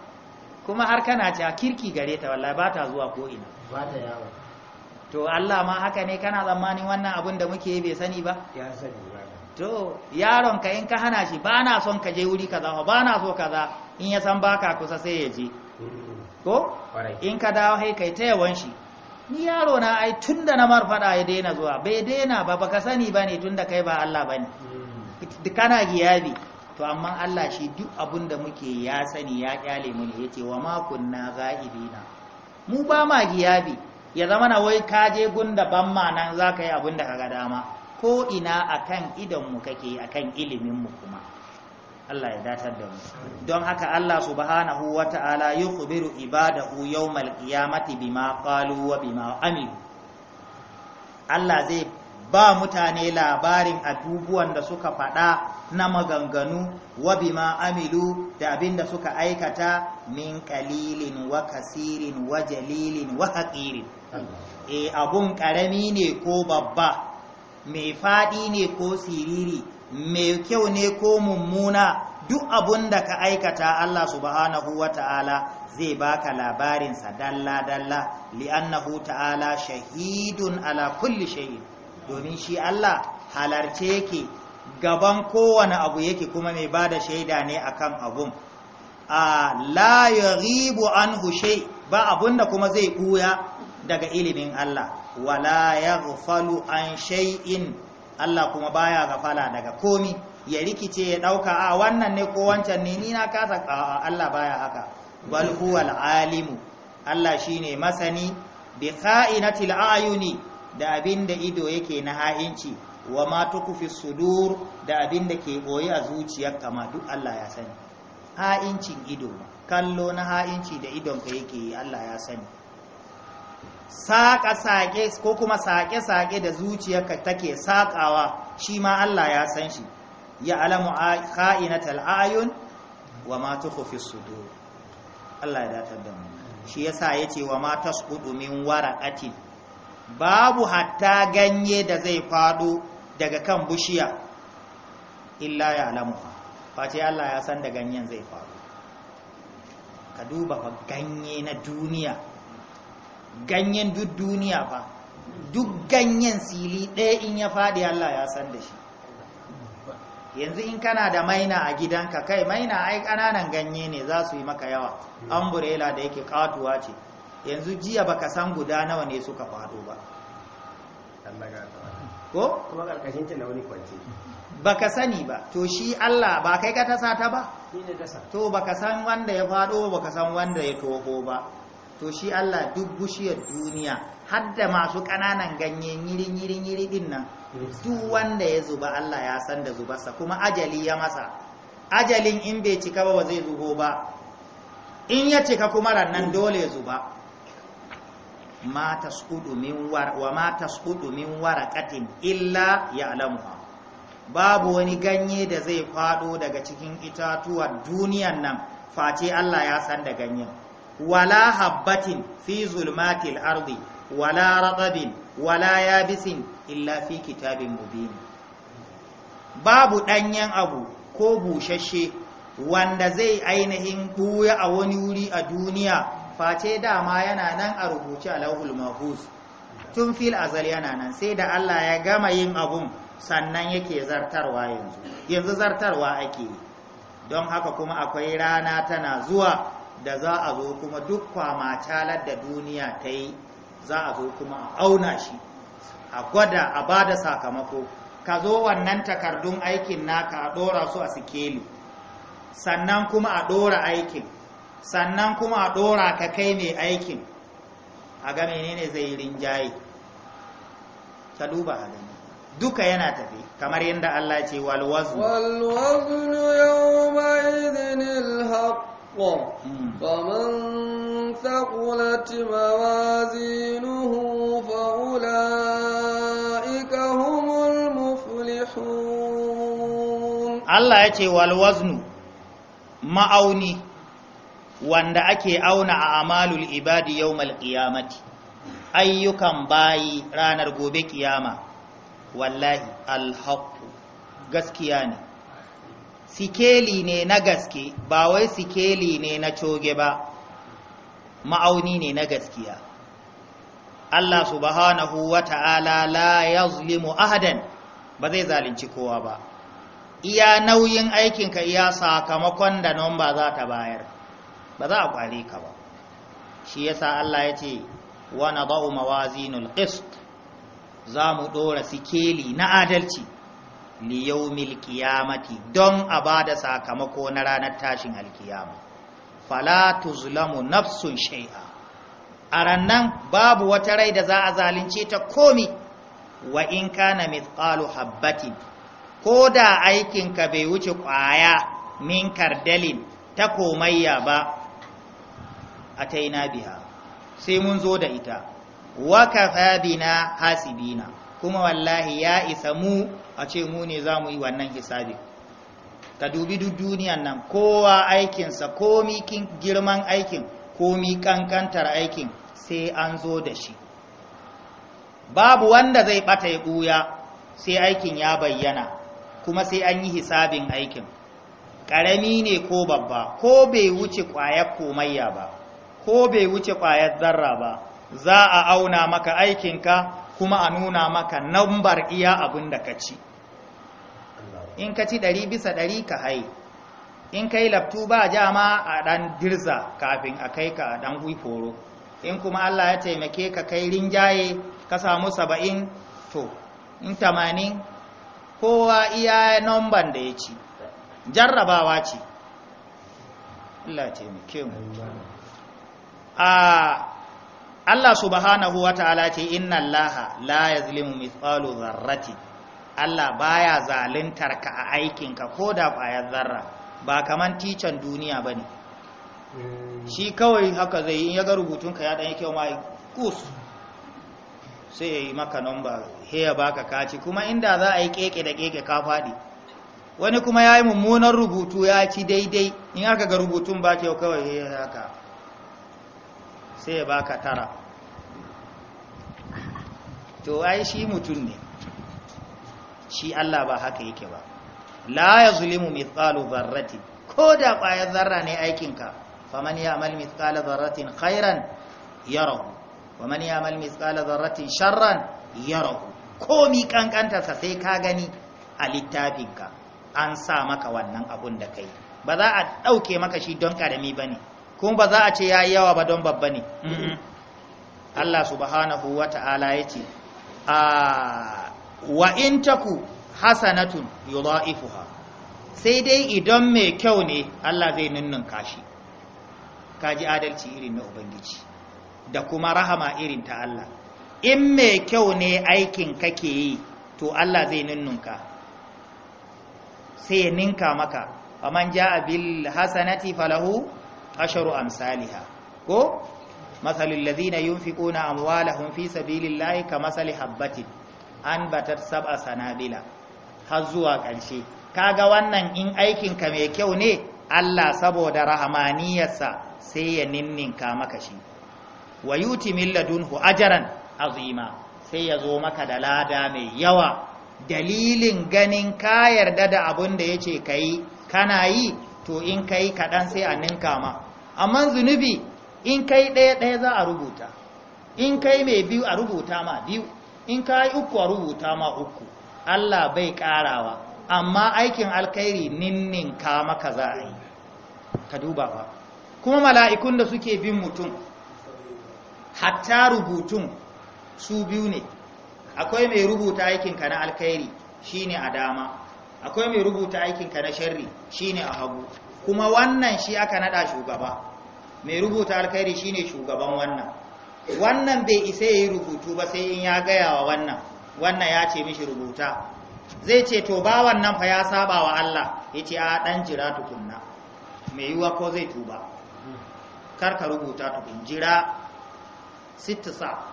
kuma har kana ci a kirki gare ta wallahi ba ta zuwa ko ina ba ta yawo to Allah ma haka ne kana tsammanin wannan abun da muke bai sani ba ya sani ba to yaron ka in ka hana shi ba na son ka je wuri kaza ba na so kaza in ya san baka kusa sai ya je mm-hmm. ko in ka dawo hai kai ta yawan shi ni yaro na ai tunda na mar fada ya daina zuwa bai daina ba baka sani bane tunda kai ba Allah bane mm. kana giyabi to amma Allah shi duk abin da muke ya sani ya kyale mu ne yace wa ma kunna ghaibina mu ba ma giyabi ya zama na wai ka je gunda ban ma nan zaka yi abin da kaga dama ko ina akan idan mu kake akan ilimin mu kuma Allah ya datar da mu don haka Allah subhanahu wata'ala yukhbiru ibadahu yawmal qiyamati bima qalu wa bima amilu Allah zai ba mutane labarin abubuwan da suka faɗa na maganganu wa bima amilu da abin da suka aikata min kalilin wa kasirin wa jalilin wa haƙirin e abun ƙarami ne ko babba mai faɗi ne ko siriri mai kyau ne ko mummuna duk abun da ka aikata Allah subhanahu wa ta'ala zai baka labarinsa dalla-dalla li'annahu ta'ala shahidun ala kulli shay'in domin shi Allah halarce yake gaban kowane abu yake kuma mai ba da shaida ne akan abun a layo ribu an hushe ba da kuma zai buya daga ilimin Allah wala rufalu an shay'in Allah kuma baya gafala daga komi ya rikice ya ɗauka, a wannan ne ko wancan ne ni na kasa Allah baya haka bal huwal alimu Allah shine masani bi kha'inatil ayuni da abin da ido yake na ha'inci wa ma tukufi sudur da abin da ke boye a zuciyar kama duk Allah ya sani ha'incin ido kallo na ha'inci da idonka yake yi Allah ya sani saƙa saƙe ko kuma saƙe-saƙe da zuciyarka take saƙawa shi ma Allah ya san shi ya alamu kha'inatal ayun wa ma tukhfi sudur Allah ya datar da mu shi yasa yace wa ma tasqudu min waraqatin babu hatta ganye da zai fado daga kan bushiya illa ya alamu face Allah ya san da ganyen zai fado ka duba fa ganye na duniya ganyen duk duniya fa duk ganyen sili ɗaya in ya faɗi Allah ya san da shi yanzu in kana da maina a gidanka kai maina ai ƙananan ganye ne za su yi maka yawa amburela da yake katuwa ce yanzu jiya baka san guda nawa ne suka faɗo ba ko kuma karkashin ta nauni kwance baka sani ba to shi Allah ba kai ka tasa ta ba to baka san wanda ya faɗo ba baka san wanda ya toho ba to shi Allah duk bushiyar duniya hadda masu ƙananan ganye nyiri-nyiri din nan duk wanda ya zuba Allah ya san da zubarsa kuma ajali ya masa ajalin in bai cika ba ba zai zubo ba in ya cika kuma rannan dole ya zuba ma tasqudu min wa min illa ya'lamuha babu wani ganye da zai faɗo daga cikin itatuwar duniyan nan face Allah ya san da ganyen wala habbatin fi zulmatil ardi wala ratabin wala yabisin illa fi kitabin mubin babu ɗanyen abu ko bushashe wanda zai ainihin ɓuya a wani wuri a duniya face dama yana nan a rubuce a lauhul mahfuz tun fil azal yana nan sai da Allah ya gama yin abun sannan yake zartarwa yanzu yanzu zartarwa ake don haka kuma akwai rana tana zuwa da za a zo kuma duk calar da duniya ta yi za a zo kuma a auna shi a gwada a ba da sakamako ka zo wannan takardun aikin naka a ɗora su a sikeli sannan kuma a ɗora aikin sannan kuma a ɗora ka kai mai aikin a ga menene zai rinjaye ka duba gani. duka yana tafi kamar yadda Allah ce walwazu walwaznu yawma idinil haqqo faman hmm. thaqulat mawazinuhu fa ulaika humul muflihun Allah ya ce walwaznu ma'auni wanda ake auna a amalul ibadi yawmal qiyamati ayyukan bayi ranar gobe kiyama wallahi alhaku gaskiya ne sikeli ne na gaske ba wai sikeli ne na coge ba ma'auni ne na gaskiya Allah subhanahu wa ta'ala la yazlimu ahadan ba zai zalunci kowa ba iya nauyin aikinka iya sakamakon da nan za ta bayar ba za a kware ka ba shi yasa Allah ya ce wa na ba'u mawazinul qist za mu dora sikeli na adalci li yawmil qiyamati don a bada sakamako na ranar tashin alkiyama fala tuzlamu nafsun shay'a arannan babu wata rai da za a zalunce ta komi wa in kana mithqalu habbatin ko da aikinka bai wuce kwaya min kardalin ta komayya ba ataina biha sai mun zo da ita wa kafa bina hasibina kuma wallahi ya isa mu a ce mu ne za mu yi wannan hisabi ka dubi duk duniyan nan kowa aikinsa komi girman aikin komi kankantar aikin sai an zo da shi babu wanda zai bata ya ɓuya sai aikin ya bayyana kuma sai an yi hisabin aikin ƙarami ne ko babba ko bai wuce ƙwayar komayya ba ko bai wuce ƙwayar zarra ba za a auna maka aikinka kuma a nuna maka nambar iya abin da ka ci in ka ci ɗari bisa ɗari ka hai in ka yi laftu ba jama a ɗan dirza kafin a kai ka ɗan foro. in kuma allah ya taimake ka kai rinjaye ka samu saba'in to in tamanin kowa iya nomban da ya ci jarrabawa ce allah taimake mu Allah subhanahu wa ta'ala ce inna Allah la yazlimu mithqalu dharrati Allah baya zaluntar ka a aikinka ko da ƙwayar zarra ba kaman ticen duniya bane hmm. shi kawai haka zai in ya ga rubutunka ya ɗan yake kyau mai kus sai ya yi maka nomba ya baka kaci kuma inda za a yi keke da keke ka faɗi wani kuma ya yi mummunan rubutu ya ci daidai in aka ga rubutun ba kyau kawai heya haka sai ya baka tara to ai shi mutum ne shi Allah ba haka yake ba la yazlimu mithqalu dharratin ko da kwaya zarra ne aikinka faman ya'mal mithqala dharratin khairan yarahu waman ya'mal mithqala dharratin sharran yarahu komi kankanta sa sai ka gani a littafinka an sa maka wannan abun da kai ba za a ɗauke maka shi don karami bane kun ba za a ce ya yi yawa ba don babba ne mm-hmm. Allah subhanahu wa ta'ala ya ce wa in taku hasanatun yudha'ifuha sai dai idan mai kyau ne Allah zai nunnunka shi kaji adalci irin na ubangiji da kuma rahama irin ta Allah in mai kyau ne aikin kake yi to Allah zai nunnunka sai ya ninka maka faman ja bil hasanati falahu asharu amsaliha ko masalin ladina yunfiquna amwalahum fi sabilillahi kamasali habbatin batar sab'a sanabila har zuwa ƙarshe kaga wannan in aikin ka mai kyau ne Allah saboda rahamaniyarsa sai ya ninninka maka shi wa yuti hu ladunhu ajran azima sai ya zo maka da lada mai yawa dalilin ganin ka yarda da abin da yace kai kana yi to in kai kaɗan sai a ninka ma amma zunubi in kai ɗaya ɗaya za a rubuta in kai mai biyu a rubuta ma biyu in kai uku a rubuta ma uku Allah bai ƙarawa amma aikin alkhairi ninnin ka maka za a yi ka duba ba kuma mala'ikun da suke bin mutum hatta rubutun su biyu ne akwai mai rubuta aikinka na alkhairi shine a dama akwai mai rubuta aikinka na sharri shine a hagu kuma wannan shi aka nada shugaba mai rubuta alkhairi shine shugaban wannan wannan bai isa yayi rubutu ba sai in ya gaya wa wannan wannan ya ce mishi rubuta zai ce to ba wannan fa ya saba wa Allah yace a dan jira tukunna mai yiwa ko zai tuba kar ka rubuta tukun jira sittasa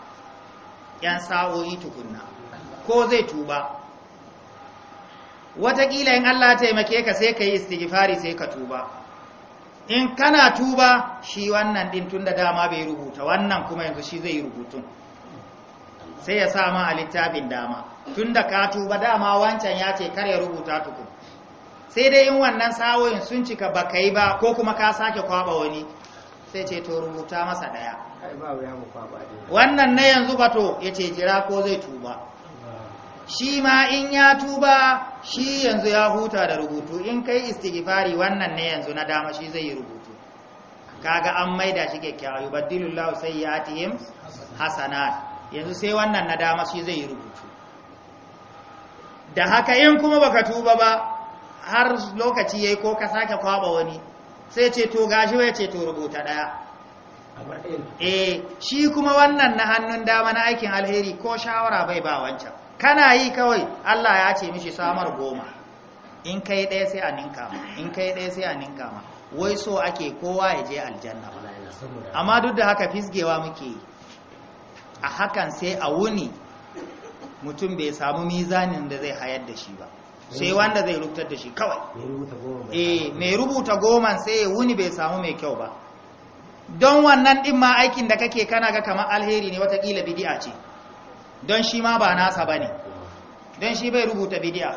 yan sa'o'i tukunna ko zai tuba Wataƙila in Allah taimake ka sai ka yi istighfari sai ka tuba in kana tuba shi wannan din tunda dama bai rubuta wannan kuma yanzu shi zai rubutun sai ya sama a littafin dama tunda ka tuba dama wancan ya ce kar ya rubuta tuku sai dai in wannan sawoyin sun cika ba yi ba ko kuma ka sake kwaba wani sai ce to rubuta masa daya wannan na yanzu bato ya ce jira ko zai tuba shi ma in ya tuba shi yanzu ya huta da rubutu in kai istighfari wannan ne yanzu na dama shi zai yi rubutu kaga an maida shi kyakkyawa badilullahu sayyi'atihim hasanat yanzu sai wannan na dama shi zai yi rubutu da haka in kuma baka tuba ba har lokaci yayi ko ka sake kwaba wani sai ce to gashi wai ce to rubuta daya eh shi kuma wannan na hannun dama na aikin alheri ko shawara bai ba wancan kana yi kawai Allah ya ce mishi samar goma in kai ɗaya sai a ninka ma in kai ɗaya sai a ninka ma wai so ake kowa ya je aljanna ba amma duk da haka fisgewa muke yi a hakan sai a wuni mutum bai samu mizanin da zai hayar da shi ba sai wanda zai rubutar da shi kawai eh, mai rubuta goman sai ya wuni bai samu mai kyau ba don wannan ɗin ma aikin da kake kana ga kamar alheri ne watakila bidi'a ce don shi ma ba nasa ba ne don shi bai rubuta bidiya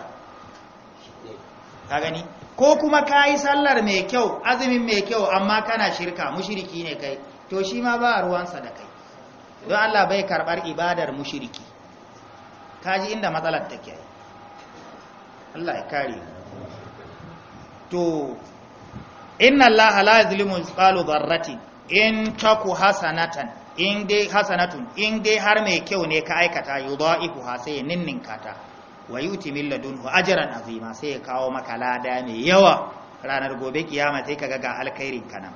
ta gani ko kuma ka yi sallar mai kyau azumin mai kyau amma kana shirka mushiriki ne kai to shi ma ba ruwansa da kai don allah bai karbar ibadar mushiriki ka ji inda matsalar ta take allah ya kare to inna allaha la yuzlimu mithqalu dharratin in taku hasanatan in dai hasanatun in dai har mai kyau ne ka aikata yudha'ifu ha sai ya ninninka ta wa yuti ladunhu ajran azima sai ya kawo maka lada mai yawa ranar gobe kiyama sai kaga ga alkhairin kanan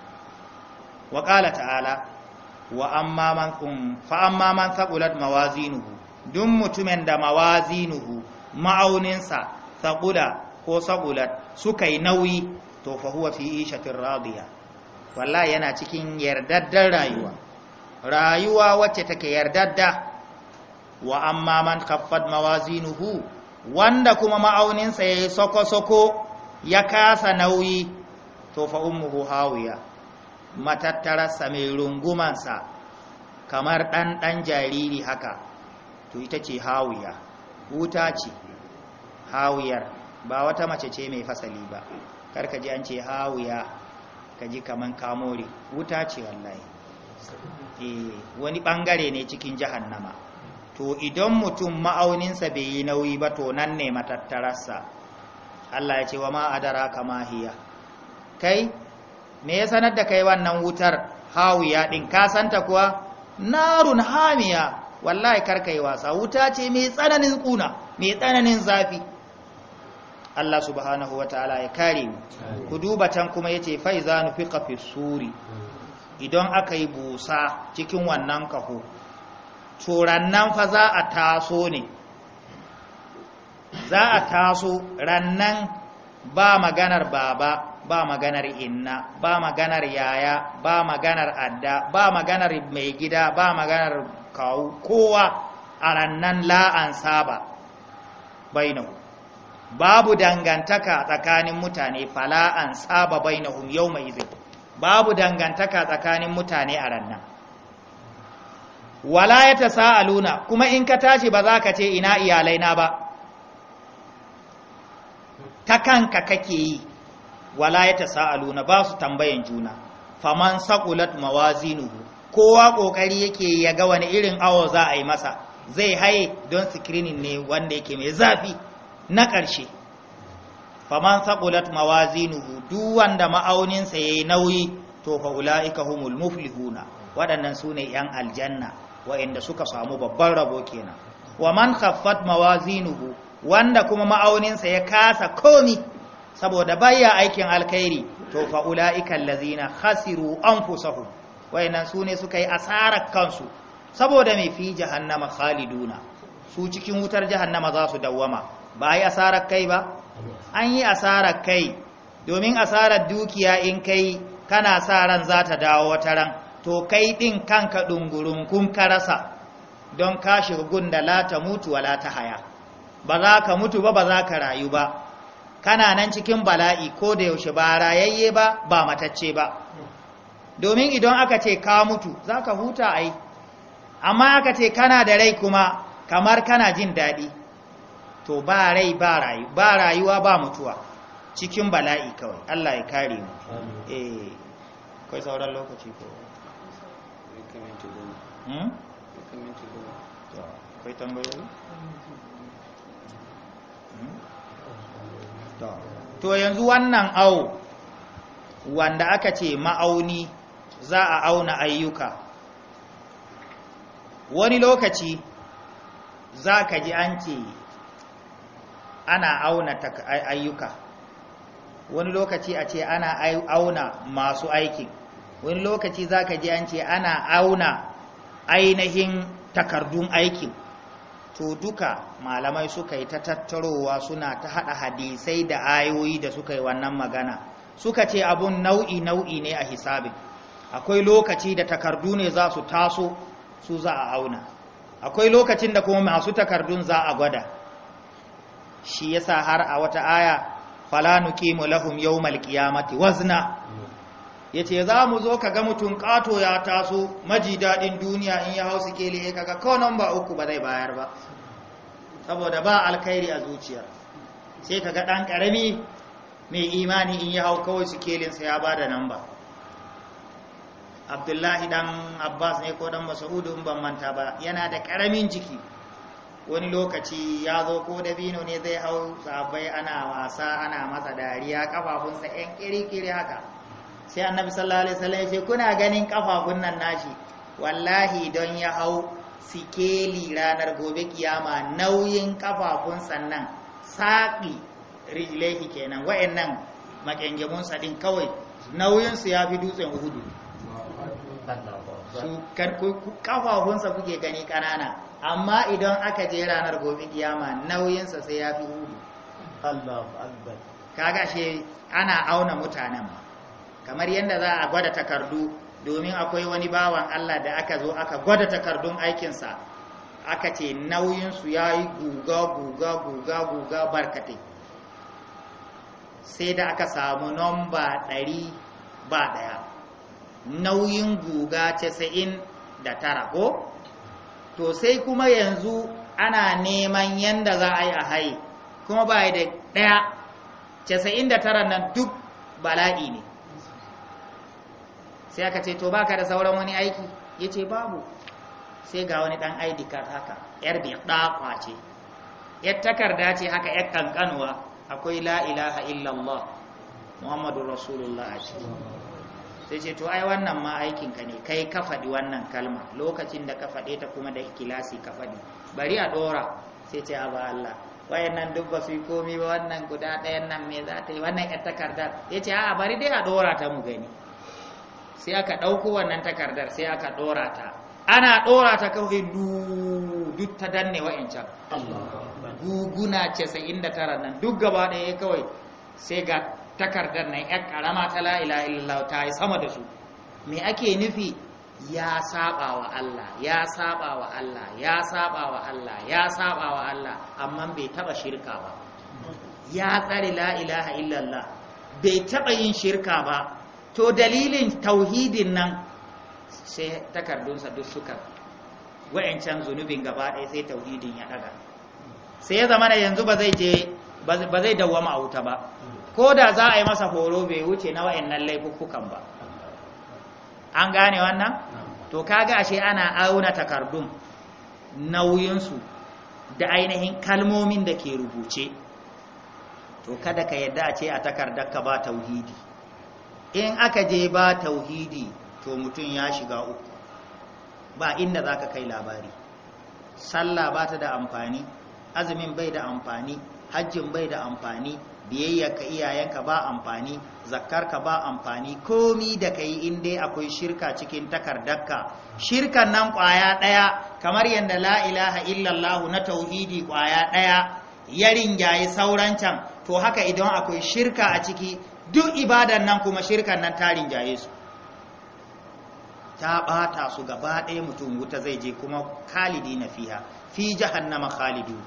wa qala ta'ala wa amma man um, fa mawazinuhu duk mutumin da mawazinuhu ma'auninsa thaqula ko sabulat suka yi nauyi to fa huwa fi ishatin radiya wallahi yana cikin yardaddar rayuwa rayuwa wacce take yardadda wa amma man kaffat mawazinuhu wanda kuma ma'auninsa ya yi soko-soko ya kasa nauyi to fa ummuhu hawiya matattararsa mai rungumansa kamar dan jariri haka to ita ce hawiya wuta ce hawiyar ba wata mace ce mai fasali ba karka ji an ce hawiya kaji kaman kamori wuta ce wallahi wani ɓangare ne cikin jahannama to idan mutum ma'auninsa bai yi nauyi ba to nan ne matattararsa Allah ya ce wa ma adara kama hiya kai me ya sanar da kai wannan wutar hawiya din ka santa kuwa narun hamiya wallahi yi wasa wuta ce mai tsananin kuna mai tsananin zafi Allah subhanahu wa ta'ala ya kare mu ku duba can kuma yace fa za nufi fi suri idan aka yi busa cikin wannan kaho turannan fa za a taso ne za a taso rannan ba maganar baba ba maganar inna ba maganar yaya ba maganar adda ba maganar mai gida ba maganar kawo kowa a rannan la'an saba bainahu babu dangantaka tsakanin mutane fala'an saba bainahum yau mai zai babu dangantaka tsakanin mutane a rannan wala ya ta sa'aluna kuma in ka tashi ba za ka ce ina iyalai na ba ta kanka kake yi wala ya ta sa'aluna ba su tambayin juna faman Sakulat mawazinuhu kowa ƙoƙari yake ya ga wani irin awo za a yi masa zai haye don sikirinin ne wanda yake mai zafi na ƙarshe faman saqulat mawazinuhu duk wanda ma'auninsa yayi nauyi to fa ulaika humul muflihuna waɗannan sune yan aljanna wa'inda suka samu babban rabo kenan man khaffat mawazinuhu wanda kuma ma'auninsa ya kasa komi saboda baya aikin alkhairi to fa ulaika allazina khasiru anfusahum waɗannan sune suka yi asarar kansu saboda mai fi jahannama khaliduna su cikin wutar jahannama za su dawwama ba yi asarar kai ba an yi asarar kai domin asarar dukiya in kai kana sa ran za ta dawo wata ran to kai ɗin kanka ɗungurunkun ka rasa don ka shiga gunda la ta mutu wa ta haya ba za ka mutu ba ba za ka rayu ba kana nan cikin bala'i ko da yaushe ba rayayye ba ba matacce ba domin idan aka ce ka mutu za ka huta ai amma aka ce kana da rai kuma kamar kana jin daɗi to ba rai ba rayu ba rayuwa ba mutuwa cikin bala'i kawai Allah ya kare mu eh kai sauran lokaci ko hmm? hmm? to to yanzu wannan au wanda aka ce ma'auni za a auna ayyuka wani lokaci za ka ji an ce ana auna ayyuka wani lokaci a ce ana auna masu aikin wani lokaci za ka ji an ce ana auna ainihin takardun aikin to duka malamai suka yi ta tattarowa suna ta haɗa hadisai da ayoyi da suka yi wannan magana suka ce abun nau'i nau'i ne a hisabin akwai lokaci da takardu ne za su taso su za a auna akwai lokacin da kuma masu takardun za a gwada shi yasa har a wata aya Falanu kimu lahum yawmal qiyamati wazna yace za mu zo ka ga mutum kato ya taso maji daɗin duniya in ya hausu kele kaga ko namba uku ba zai bayar ba saboda ba alkhairi a zuciyar sai kaga ɗan karami mai imani in ya hau kawai su kelinsa ya bada namba abdullahi dan abbas ne ko dan masudu ban manta ba yana da karamin jiki wani lokaci ya zo ko dabino ne zai hau sabai ana wasa ana masa dariya kafafunsa yan kirikiri haka sai annabi sallallahu alaihi wasallam ya ce kuna ganin kafafun nan nashi wallahi don ya hau sikeli ranar gobe kiyama nauyin kafafun sannan saƙi rijlehi kenan nan makyangemun sadin kawai nauyinsu ya fi dutsen hudu kafafunsa kuke gani ƙanana amma idan aka je ranar gobe kiyama nauyinsa sai ya fi hudu Allahu akbar kaga shi ana auna mutanen ma kamar yadda za a gwada takardu domin akwai wani bawan Allah da aka zo aka gwada takardun aikinsa aka ce nauyinsu ya yi guga guga guga guga barkatai sai da aka samu nomba ɗari ba ɗaya nauyin guga casa'in da tara ko to sai kuma yanzu ana neman yanda za a yi a haye kuma ba da ɗaya casa'in da tara nan duk bala'i ne sai aka ce to baka da sauran wani aiki ya ce babu sai ga wani ɗan id card haka yar bi ɗakwa ce yar takarda ce haka yar kankanuwa akwai la'ilaha ilaha illallah muhammadu rasulullah a ciki sai ce to ai wannan ma aikinka ne kai ka faɗi wannan kalma lokacin da ka faɗe ta kuma da ikilasi ka faɗi bari a ɗora sai ce a ba Allah wayannan duk ba su yi ba wannan guda ɗayan nan me za ta yi wannan ƴar takardar ya ce a bari dai a ɗora ta mu gani sai aka ɗauko wannan takardar sai aka ɗora ta ana ɗora ta kawai duk ta danne wa'incan guguna casa'in da tara nan duk gaba ɗaya kawai sai ga takardar nan yar karama ta la ilaha illallah ta yi sama da su me ake nufi ya saba wa Allah ya saba wa Allah ya saba wa Allah ya saba wa Allah amma bai taba shirka ba ya tsare la ilaha illallah bai taba yin shirka ba to dalilin tauhidin nan sai takardunsa duk suka wa'ancan zunubin gaba ɗaya sai tauhidin ya ɗaga sai ya zama yanzu ba zai je ba zai dawwama a wuta ba ko da za a yi masa horo bai wuce na wa'annan laifukan ba an gane wannan to kaga ashe ana auna takardun nauyinsu da ainihin kalmomin da ke rubuce to kada ka yadda a ce a takardarka ba tauhidi in aka je ba tauhidi to mutum ya shiga uku ba inda za ka kai labari sallah ba ta da amfani azumin bai da amfani hajjin bai da amfani biyayyarka iyayenka ba amfani zakkarka ba amfani komi da kai in dai akwai shirka cikin takardarka shirkan nan kwaya daya kamar yadda la ilaha illallah na tauhidi kwaya daya ya ringaye sauran can to haka idan akwai shirka a ciki duk ibadan nan kuma shirkan nan ta ringaye su ta bata su gaba ɗaya mutum wuta zai je kuma khalidi na fiha fi jahannama khalidu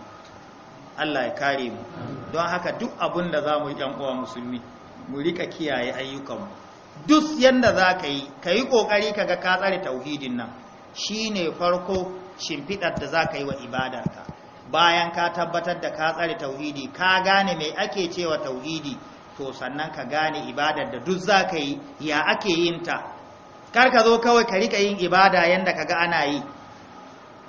Allah ya kare mu don haka duk abin da za mu yi uwa musulmi mu rika kiyaye ayyukanmu duk yadda za ka yi ka yi ƙoƙari ka ga ka tsare tauhidin nan shi ne farko shimfiɗar da za ka yi wa ibadarka bayan ka tabbatar da ka tsare tauhidi ka gane mai ake cewa tauhidi to sannan ka gane ibadar da duk za ka yi ya ake yin ta kar ka zo kawai ka rika yin ibada yadda ka ga ana yi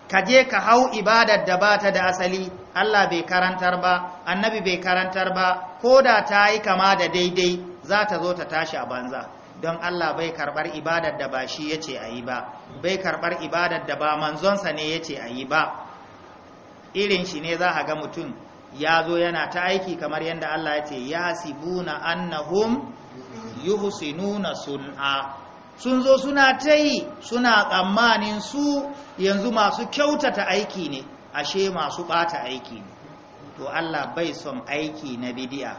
ka je ka hau ibadar da ba ta da asali Allah bai karantar ba annabi bai karantar ba ko da ta yi kama da daidai za ta zo ta tashi a banza don Allah bai karbar ibadar da ba shi ya ce a yi ba bai karbar ibadar da ba manzonsa ne ya ce a yi ba irin shi ne za a ga mutum ya zo yana ta aiki kamar yadda Allah ya ce ya sibuna annahum yuhsinuna sun'a sun zo suna ta yi suna tsammanin su yanzu masu kyautata aiki ne ashe masu ɓata aiki ne to Allah bai son aiki na bidiya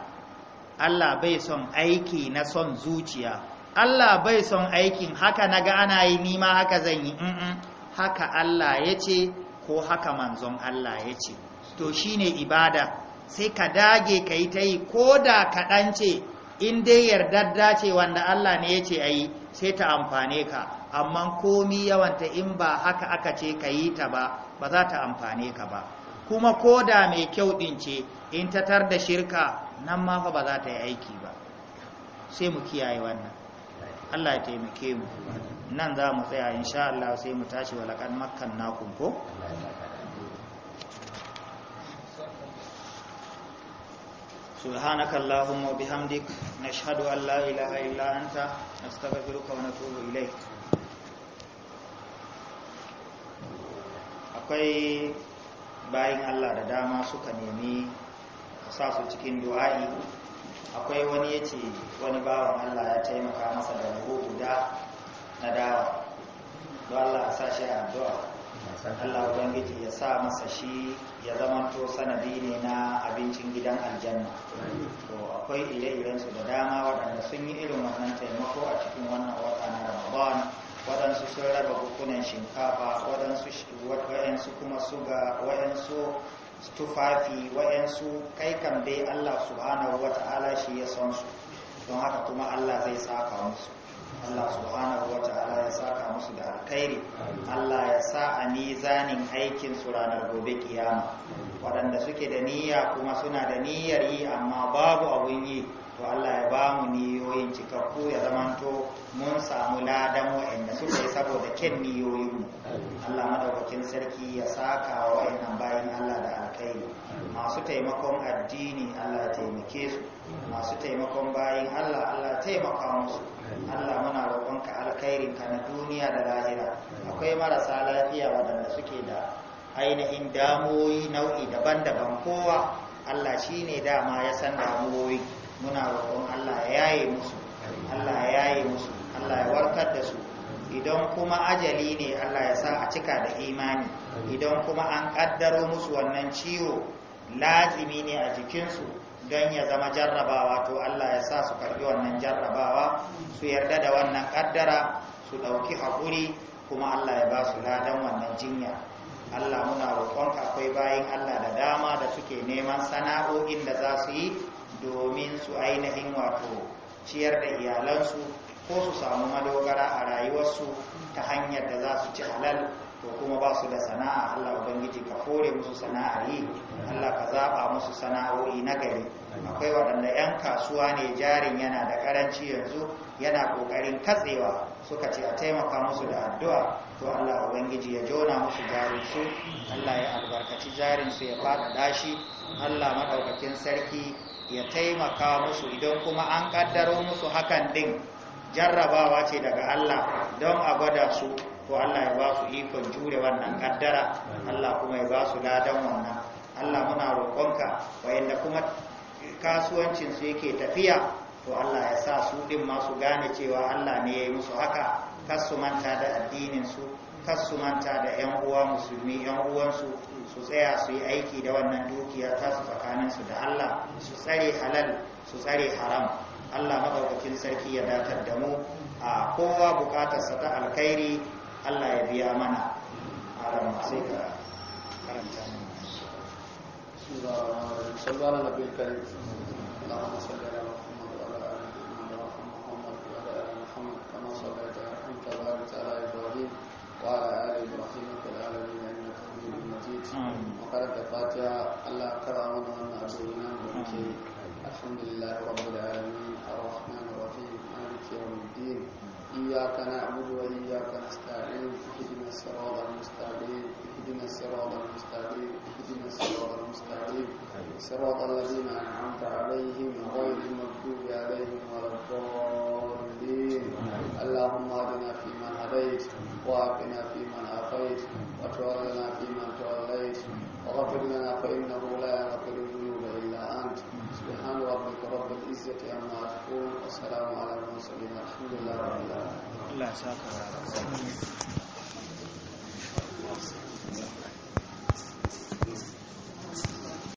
Allah bai son aiki na son zuciya Allah bai son aikin haka na ga ana yi nima haka zan yi mm haka Allah ya ce ko haka manzon Allah ya ce to shine ibada sai ka dage ka yi ta yi ko da kaɗan ce in dai yardadda ce wanda Allah ne ya ce a yi sai ta amfane ka amma komi yawanta in ba haka aka ce ka yi ta ba ba za ta amfane ka ba kuma ko da mai kyau ɗin ce in ta tar da shirka nan ma fa ba za ta yi aiki ba sai mu kiyaye wannan Allah ya taimake mu nan za mu tsaya insha Allah sai mu tashi walakan makkan nakun ko سبحانك اللهم وبحمدك نشهد أن لا إله إلا أنت نستغفرك ونتوب إليك akwai bayan allah da dama suka nemi sa su cikin du'a'i akwai wani ya ce wani bawan allah ya taimaka masa da rubu guda na dawa don allah a sa a addu'a Allah Ubangiji ya sa masa shi ya zama to sanadi ne na abincin gidan aljanna to akwai ire-irensu da dama waɗanda sun yi irin wannan taimako a cikin wannan wata na Ramadan waɗansu sun raba bukunan shinkafa waɗansu kuma suga waɗansu tufafi waɗansu kai kan dai Allah subhanahu wa ta'ala shi ya san su don haka kuma Allah zai saka musu Allah subhanahu wa ta'ala ya saka musu da alkhairi Allah ya sa a mizanin aikin su ranar gobe kiyama waɗanda suke da niyya kuma suna da niyyar yi amma babu abun yi to Allah ya ba mu niyoyin cikakku ya zamanto mun samu ladan wa'anda suka yi saboda kyan niyoyin mu Allah madaukakin sarki ya saka wa wa'annan bayan Allah da alkhairi masu taimakon addini Allah taimake su masu taimakon bayan Allah Allah taimaka musu Allah muna roƙonka alkhairin ka na duniya da lahira akwai marasa lafiya waɗanda suke da ainihin damuwoyi nau'i daban-daban kowa Allah shine dama ya san damuwoyi muna roƙon Allah ya yi musu Allah ya yi musu Allah ya warkar da su idan kuma ajali ne Allah ya sa a cika da imani idan kuma an kaddaro musu wannan ciwo lazimi ne a jikinsu don ya zama jarrabawa to Allah ya sa su karbi wannan jarrabawa su yarda da wannan ƙaddara, su ɗauki haƙuri kuma Allah ya ba su ladan wannan jinya Allah muna roƙonka akwai bayin Allah da dama da suke neman sana'o'in da za su yi domin su ainihin wato ciyar da iyalansu ko su samu madogara a rayuwarsu ta hanyar da za su ci halal to kuma ba su da sana'a Allah ubangiji ka kore musu sana'a yi Allah ka zaba musu sana'o'i na gari akwai waɗanda 'yan kasuwa ne jarin yana da ƙaranci yanzu yana ƙoƙarin katsewa suka ce a taimaka musu da addu'a to Allah ubangiji ya jona musu jarin su Allah ya albarkaci jarin su ya faɗaɗa shi Allah maɗaukakin sarki ya taimaka musu idan kuma an kaddaro musu hakan din jarrabawa ce daga Allah don a gwada su to Allah ya ba su ikon jure wannan kaddara Allah kuma ya ba su ladan wannan Allah muna roƙonka wayanda kuma kasuwancin su yake tafiya to Allah ya sa su din masu gane cewa Allah ne ya yi musu haka kar su manta da addinin su su manta da 'yan uwa musulmi 'yan uwansu su tsaya su yi aiki da wannan dukiya ta su tsakaninsu da Allah su tsare halal su tsare haram Allah maɗaukakin sarki ya datar da mu a kowa bukatarsa ta alkhairi Allah ya biya mana haram sai ka karanta mana. قال آل إبراهيم في العالمين إنك حميد مجيد وقال الفاتحة الله كرم أن أبوينا بمكي الحمد لله رب العالمين الرحمن الرحيم مالك يوم الدين إياك نعبد وإياك نستعين اهدنا الصراط المستقيم اهدنا الصراط المستقيم اهدنا الصراط المستقيم صراط الذين أنعمت عليهم غير المغضوب عليهم ولا الضالين اللهم اهدنا فيما هديت وعافنا فيمن عافيت وتولنا فيمن توليت وغفر لنا فإنه لا يغفر الذنوب إلا أنت سبحان ربك رب العزة عما يصفون والسلام على المرسلين الحمد لله رب العالمين. الله يسعدك.